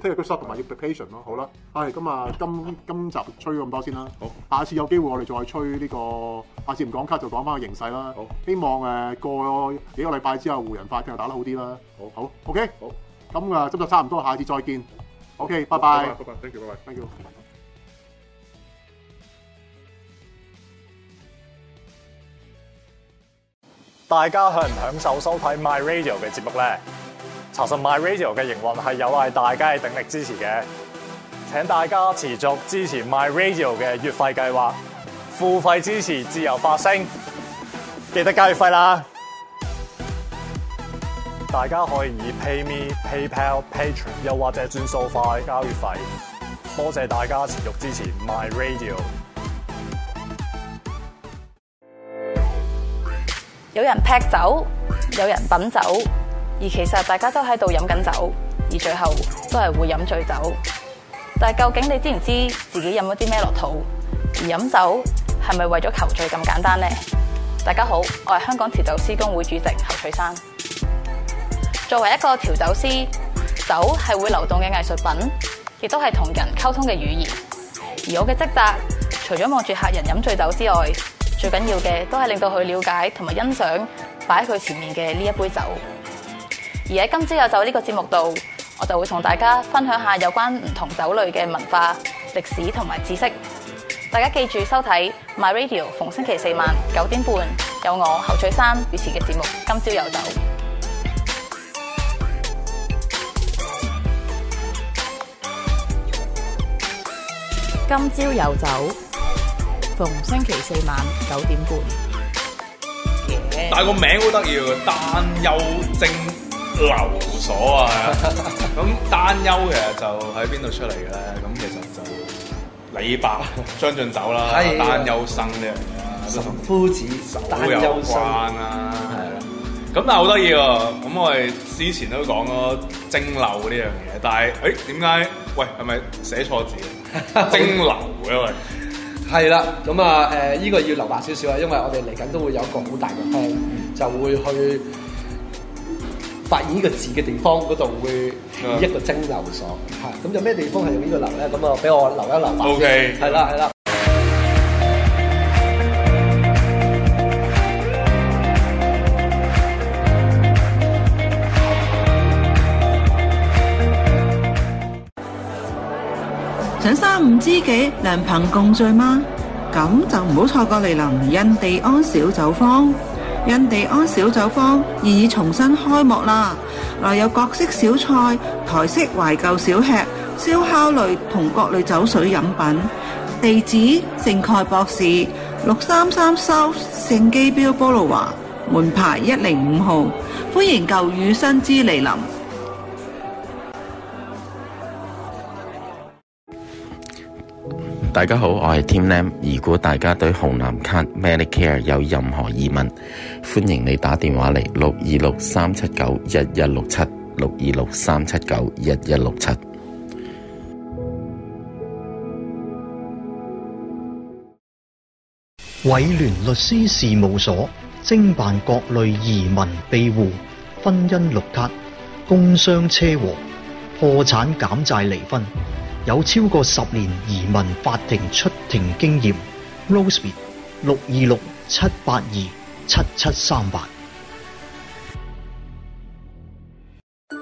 聽日佢收同埋要 preparation 咯，好啦，係、嗯嗯嗯、今啊今今集吹咁多先啦，好，下次有機會我哋再吹呢、這個，下次唔講卡就講翻個形勢啦，好，希望誒過幾個禮拜之後湖人快艇又打得好啲啦，好，好，OK，好，咁啊，今日差唔多，下次再見，OK，拜拜，拜拜
，thank you，拜拜，thank you。
大家享唔享受收睇 My Radio 嘅節目咧？查實 My Radio 嘅營運係有愛大家係鼎力支持嘅。請大家持續支持 My Radio 嘅月費計劃，付費支持自由發聲。記得交月費啦！大家可以以 PayMe、PayPal、Patron，又或者轉數快交月費。多謝大家持續支持 My Radio。
有人劈酒，有人品酒。而其實大家都喺度飲緊酒，而最後都係會飲醉酒。但係究竟你知唔知自己飲咗啲咩落肚？而飲酒係咪為咗求醉咁簡單呢？大家好，我係香港調酒師公會主席侯翠珊。作為一個調酒師，酒係會流動嘅藝術品，亦都係同人溝通嘅語言。而我嘅職責，除咗望住客人飲醉酒之外，最緊要嘅都係令到佢了解同埋欣賞擺喺佢前面嘅呢一杯酒。而喺今朝有酒呢個節目度，我就會同大家分享下有關唔同酒類嘅文化、歷史同埋知識。大家記住收睇 My Radio，逢星期四晚九點半有我侯翠珊主持嘅節目《今朝有酒》。今朝有酒，逢星期四晚九點半。
但係
個名好得意喎，但又正。留所啊，咁擔憂嘅就喺邊度出嚟嘅咧？咁其實就李白將進酒啦，擔 憂生呢樣嘢
啦，夫子擔憂生啊，係啦。咁、啊、
但係好得意喎，咁我哋之前都講咯，蒸餾呢樣嘢，但係誒點解？喂，係咪寫錯字？ 蒸餾嘅喂，
係 啦。咁啊誒，呢、這個要留白少少啊，因為我哋嚟緊都會有一個好大嘅廳，就會去。發現呢個字嘅地方嗰度會以一個蒸餾所嚇，咁就咩地方係用個樓呢個流咧？咁啊，俾我留一留 O K，係啦，係、okay，啦、
嗯。想三五知己，良朋共聚嗎？咁就唔好錯過嚟臨印第安小酒坊。印第安小酒坊現已重新開幕啦！內有各式小菜、台式懷舊小吃、燒烤類同各類酒水飲品。地址：聖蓋博市六三三 South 聖基表波魯華門牌一零五號，歡迎舊雨新知來臨。
大家好，我係 Tim Lam。如果大家對紅藍卡 Medicare 有任何疑問，歡迎你打電話嚟六二六三七九一一六七六二六三七九一一六七。
偉聯律師事務所，精辦各類移民庇護、婚姻綠卡、工傷車禍、破產減債、離婚。有超過十年移民法庭出庭經驗 Rosby 六二六七八二七七三八。Roseby,。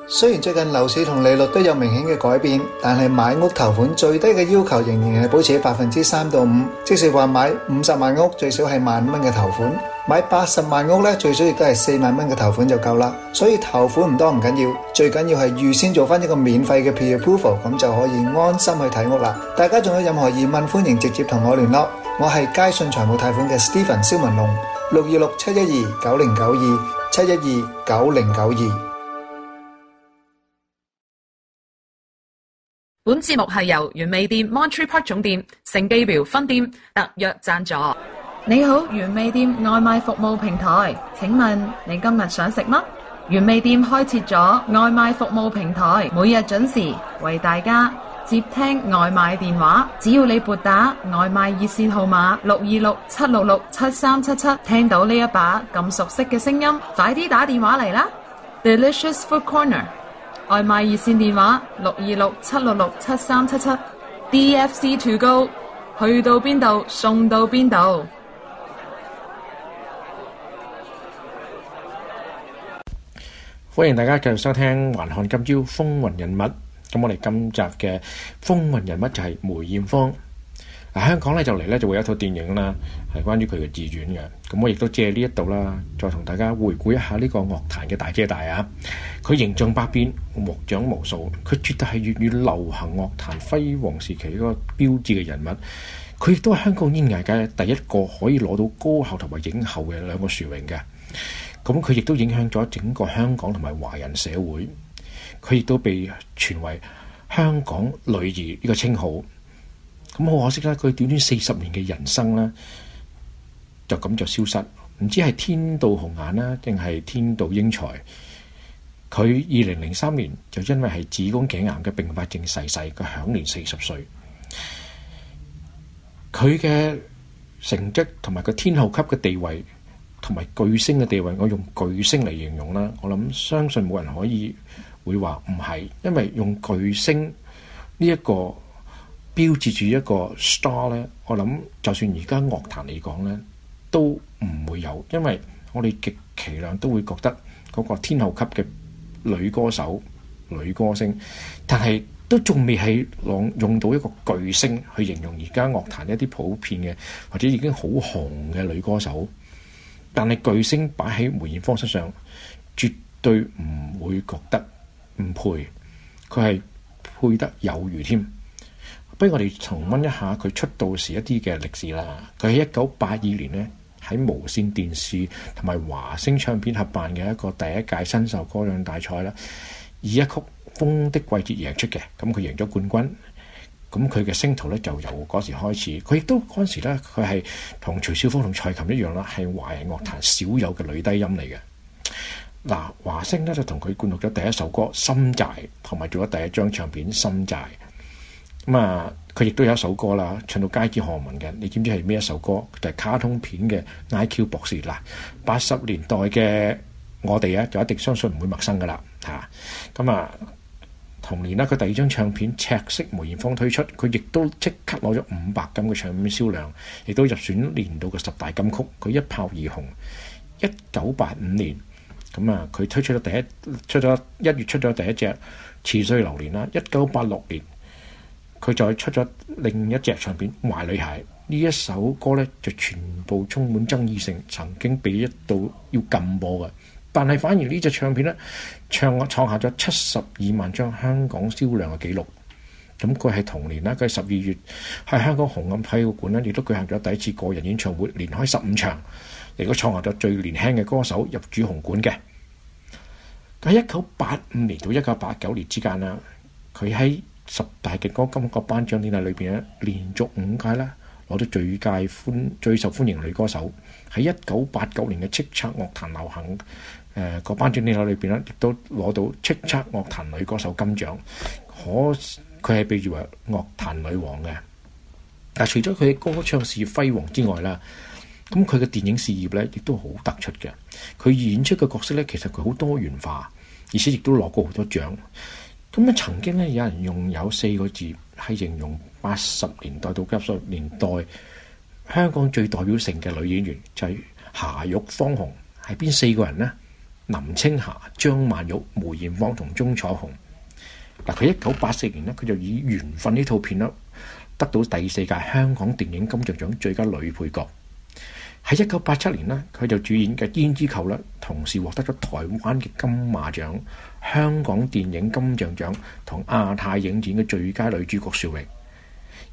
雖然最近樓市同利率都有明顯嘅改變，但係買屋頭款最低嘅要求仍然係保持喺百分之三到五，即是話買五十萬屋最少係萬五蚊嘅頭款。買八十萬屋呢，最少亦都係四萬蚊嘅頭款就夠啦。所以頭款唔多唔緊要，最緊要係預先做翻一個免費嘅 pre approval，咁就可以安心去睇屋啦。大家仲有任何疑問，歡迎直接同我聯絡。我係佳信財務貸款嘅 Stephen 蕭文龍，六二六七一二九
零九二七一二九零九二。
本節目係由原味店 Monterey Park 總店、聖蓋博分店特約贊助。你好，原味店外賣服務平台，請問你今日想食咩？原味店開設咗外賣服務平台，每日準時為大家接聽外賣電話。只要你撥打外賣熱線號碼六二六七六六七三七七，聽到呢一把咁熟悉嘅聲音，快啲打電話嚟啦！Delicious Food Corner。外賣熱線電話六二六七六六七三七七，D F C Two Go 去到邊度送到邊度？
歡迎大家繼續收聽《環看今朝風雲人物》。咁我哋今集嘅風雲人物就係梅艷芳。嗱，香港咧就嚟咧就會有一套電影啦，係關於佢嘅自傳嘅。咁我亦都借呢一度啦，再同大家回顧一下呢個樂壇嘅大姐大啊！佢形象百變，獲獎無數，佢絕對係粵語流行樂壇輝煌時期一個標誌嘅人物。佢亦都係香港演藝界第一個可以攞到歌后同埋影后嘅兩個殊榮嘅。咁佢亦都影響咗整個香港同埋華人社會。佢亦都被傳為香港女兒呢個稱號。咁好可惜啦，佢短短四十年嘅人生啦。就咁就消失，唔知係天妒紅顏啦，定係天妒英才。佢二零零三年就因為係子宮頸癌嘅並發症逝世，佢享年四十歲。佢嘅成績同埋佢天后級嘅地位，同埋巨星嘅地位，我用巨星嚟形容啦。我諗相信冇人可以會話唔係，因為用巨星呢一個標誌住一個 star 呢。我諗就算而家樂壇嚟講呢。都唔會有，因為我哋極其量都會覺得嗰個天后級嘅女歌手、女歌星，但係都仲未係用用到一個巨星去形容而家樂壇一啲普遍嘅或者已經好紅嘅女歌手。但係巨星擺喺梅艷芳身上，絕對唔會覺得唔配，佢係配得有餘添。不如我哋重溫一下佢出道時一啲嘅歷史啦。佢喺一九八二年呢。喺無線電視同埋華星唱片合辦嘅一個第一屆新秀歌唱大賽啦，以一曲《風的季節》贏出嘅，咁佢贏咗冠軍，咁佢嘅星途咧就由嗰時開始。佢亦都嗰時咧，佢係同徐小鳳同蔡琴一樣啦，係華人樂壇少有嘅女低音嚟嘅。嗱、啊，華星咧就同佢灌錄咗第一首歌《心債》，同埋做咗第一張唱片《心債》。咁啊～佢亦都有一首歌啦，唱到街知巷聞嘅。你知唔知係咩一首歌？就係卡通片嘅 IQ 博士啦。八十年代嘅我哋啊，就一定相信唔會陌生噶啦嚇。咁啊，同年呢，佢第二張唱片《赤色梅艷芳》推出，佢亦都即刻攞咗五百金嘅唱片銷量，亦都入選年度嘅十大金曲。佢一炮而紅。一九八五年，咁啊，佢推出咗第一，出咗一月出咗第一隻《似水流年》啦。一九八六年。佢再出咗另一隻唱片《壞女孩》，呢一首歌呢就全部充滿爭議性，曾經被一度要禁播嘅。但係反而呢隻唱片呢，唱創下咗七十二萬張香港銷量嘅紀錄。咁佢係同年啦，佢係十二月喺香港紅磡體育館咧，亦都舉行咗第一次個人演唱會，連開十五場，亦都創下咗最年輕嘅歌手入主紅館嘅。喺一九八五年到一九八九年之間啦，佢喺十大勁歌金曲頒獎典禮裏邊咧，連續五屆咧攞咗最佳歡最受歡迎女歌手。喺一九八九年嘅叱咤樂壇流行誒個、呃、頒獎典禮裏邊咧，亦都攞到叱咤樂壇女歌手金獎。可佢係被譽為樂壇女王嘅。但除咗佢嘅歌唱事業輝煌之外啦，咁佢嘅電影事業咧亦都好突出嘅。佢演出嘅角色咧，其實佢好多元化，而且亦都攞過好多獎。曾經有人用有四個字係形容八十年代到九十年代香港最代表性嘅女演員，就係、是、霞玉芳紅，係邊四個人呢？林青霞、張曼玉、梅艷芳同鐘楚紅。嗱，佢一九八四年咧，佢就以《緣分》呢套片得到第四屆香港電影金像獎最佳女配角。喺一九八七年呢佢就主演嘅《胭脂扣》啦，同時獲得咗台灣嘅金馬獎、香港電影金像獎同亞太影展嘅最佳女主角殊榮，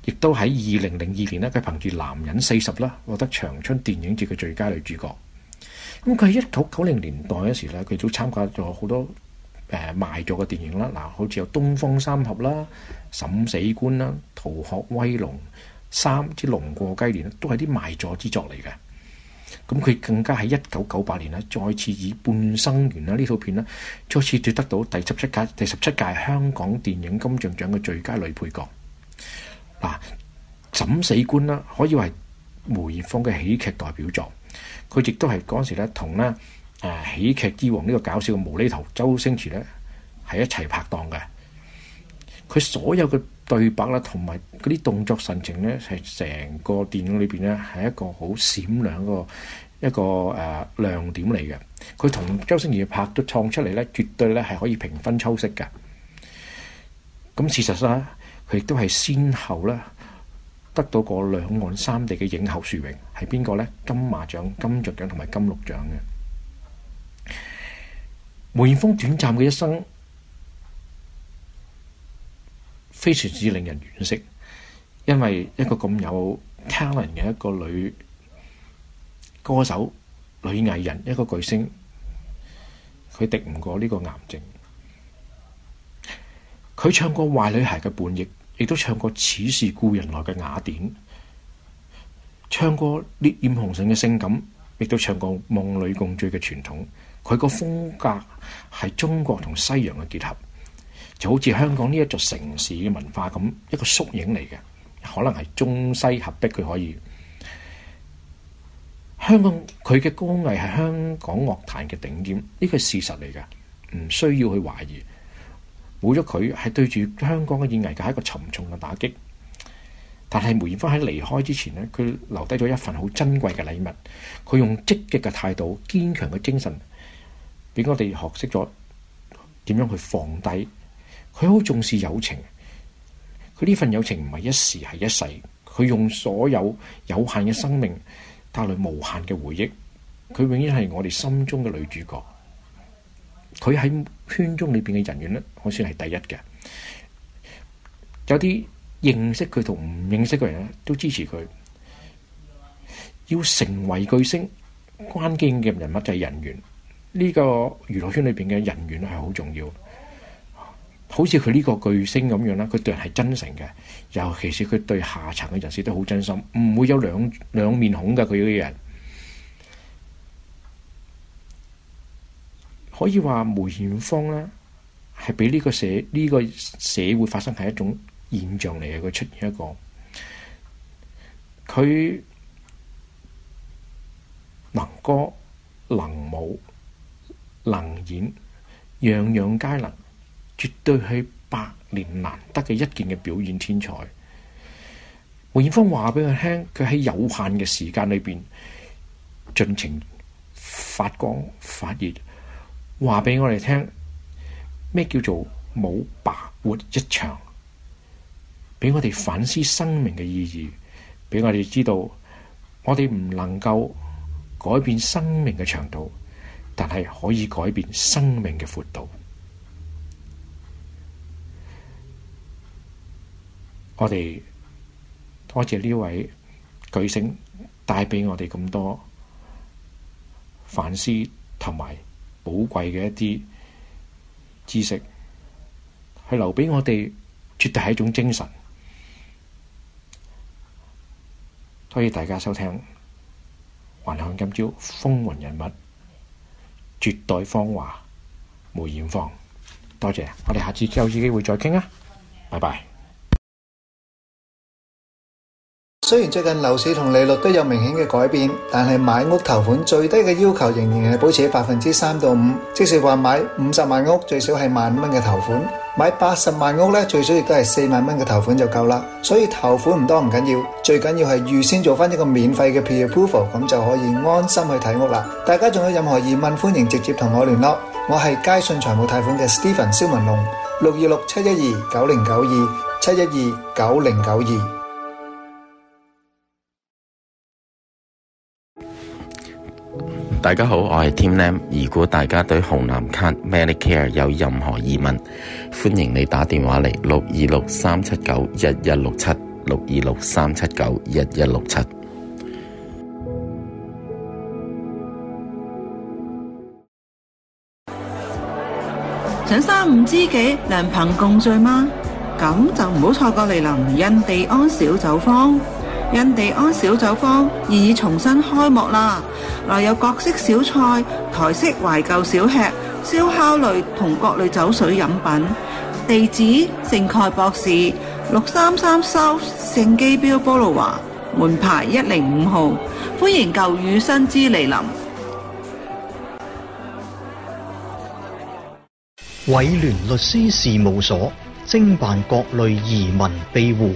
亦都喺二零零二年呢佢憑住《男人四十》啦，獲得長春電影節嘅最佳女主角。咁佢喺一九九零年代嗰時咧，佢都參加咗好多誒、呃、賣座嘅電影啦。嗱，好似有《東方三俠》啦，《審死官》啦，《逃學威龍》三之《龍過雞年》都係啲賣座之作嚟嘅。咁佢更加喺一九九八年呢，再次以半生緣啦呢套片呢，再次奪得到第十七屆、第十七屆香港電影金像獎嘅最佳女配角。嗱，《審死官》啦，可以話係梅艷芳嘅喜劇代表作。佢亦都係嗰陣時咧，同咧啊喜劇之王呢個搞笑嘅無厘頭周星馳咧，係一齊拍檔嘅。佢所有嘅。對白咧，同埋嗰啲動作神情咧，係成個電影裏邊咧，係一個好閃亮一個一個誒亮點嚟嘅。佢同周星馳拍都創出嚟咧，絕對咧係可以平分秋色嘅。咁事實上，佢亦都係先後咧得到過兩岸三地嘅影后殊榮，係邊個咧？金馬獎、金像獎同埋金鹿獎嘅。梅豔芳短暫嘅一生。非常之令人惋惜，因為一個咁有 talent 嘅一個女歌手、女藝人、一個巨星，佢敵唔過呢個癌症。佢唱過《壞女孩》嘅叛逆，亦都唱過《似是故人來》嘅雅典，唱過《烈焰紅唇》嘅性感，亦都唱過《夢裏共醉》嘅傳統。佢個風格係中國同西洋嘅結合。就好似香港呢一座城市嘅文化咁，一個縮影嚟嘅，可能係中西合璧。佢可以香港佢嘅歌藝係香港樂壇嘅頂點，呢個係事實嚟嘅，唔需要去懷疑。冇咗佢係對住香港嘅演藝界一個沉重嘅打擊。但係梅艷芳喺離開之前咧，佢留低咗一份好珍貴嘅禮物。佢用積極嘅態度、堅強嘅精神，俾我哋學識咗點樣去放低。佢好重視友情，佢呢份友情唔係一時，係一世。佢用所有有限嘅生命，帶來無限嘅回憶。佢永遠係我哋心中嘅女主角。佢喺圈中裏邊嘅人緣咧，我算係第一嘅。有啲認識佢同唔認識嘅人咧都支持佢。要成為巨星，關鍵嘅人物就係人緣。呢個娛樂圈裏邊嘅人緣係好重要。好似佢呢個巨星咁樣啦，佢對人係真誠嘅，尤其是佢對下層嘅人士都好真心，唔會有兩兩面孔嘅佢嘅人。可以話梅艷芳咧，係俾呢個社呢個社會發生係一種現象嚟嘅，佢出現一個，佢能歌能舞能演，樣樣皆能。絕對係百年難得嘅一件嘅表演天才。梅艷芳話俾我聽，佢喺有限嘅時間裏邊，盡情發光發熱。話俾我哋聽咩叫做冇白活一場，俾我哋反思生命嘅意義，俾我哋知道我哋唔能夠改變生命嘅長度，但係可以改變生命嘅闊度。我哋多謝呢位巨星帶俾我哋咁多反思，同埋寶貴嘅一啲知識，係留俾我哋絕對係一種精神。多謝大家收聽，還看今朝風雲人物，絕代芳華梅艷芳。多謝，我哋下次有次機會再傾啊！拜拜。
雖然最近
樓市同利率都有明顯嘅改變，但係買屋頭款最低嘅要求仍然係保持喺百分之三到五，即是話買五十萬屋最少係萬蚊嘅頭款，買八十萬屋咧最少亦都係四萬蚊嘅頭款就夠啦。所以頭款唔多唔緊要，最緊要係預先做翻一個免費嘅 pre approval，咁就可以安心去睇屋啦。大家仲有任何疑問，歡迎直接同我聯絡。我係佳信財務貸款嘅 Stephen 蕭文龍，六二六七一二九零九二七一二九零九二。
大家好，我係 Tim Lam。如果大家對紅藍卡 Medicare 有任何疑問，歡迎你打電話嚟六二六三七九一一六七六二六三七九一一六七。
想三五知己，良朋共聚嗎？咁就唔好錯過，嚟臨印地安小酒坊。印第安小酒坊現已重新開幕啦！內有各式小菜、台式懷舊小吃、燒烤類同各類酒水飲品。地址：聖蓋博士六三三 South 聖基表波魯華門牌一零五號，歡迎舊雨新知嚟臨。
偉聯律師事務所，精辦各類移民庇護、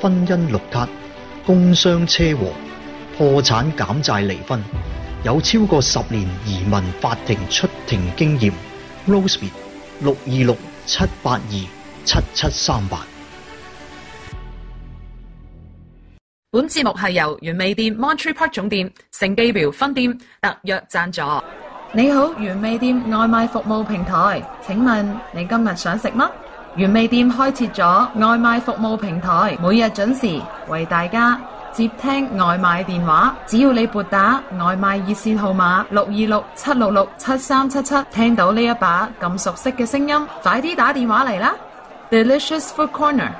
婚姻綠卡。工傷車禍、破產減債、離婚，有超過十年移民法庭出庭經驗。Roseby 六二六七八二七七三八。
本節目係由原味店 Monterey Park 總店、聖蓋博分店特約贊助。你好，原味店外賣服務平台，請問你今日想食乜？原味店開設咗外賣服務平台，每日準時為大家接聽外賣電話。只要你撥打外賣熱線號碼六二六七六六七三七七，聽到呢一把咁熟悉嘅聲音，快啲打電話嚟啦！Delicious Food Corner，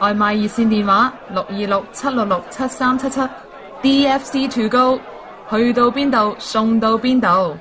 外賣熱線電話六二六七六六七三七七，DFC to go，去到邊度送到邊度。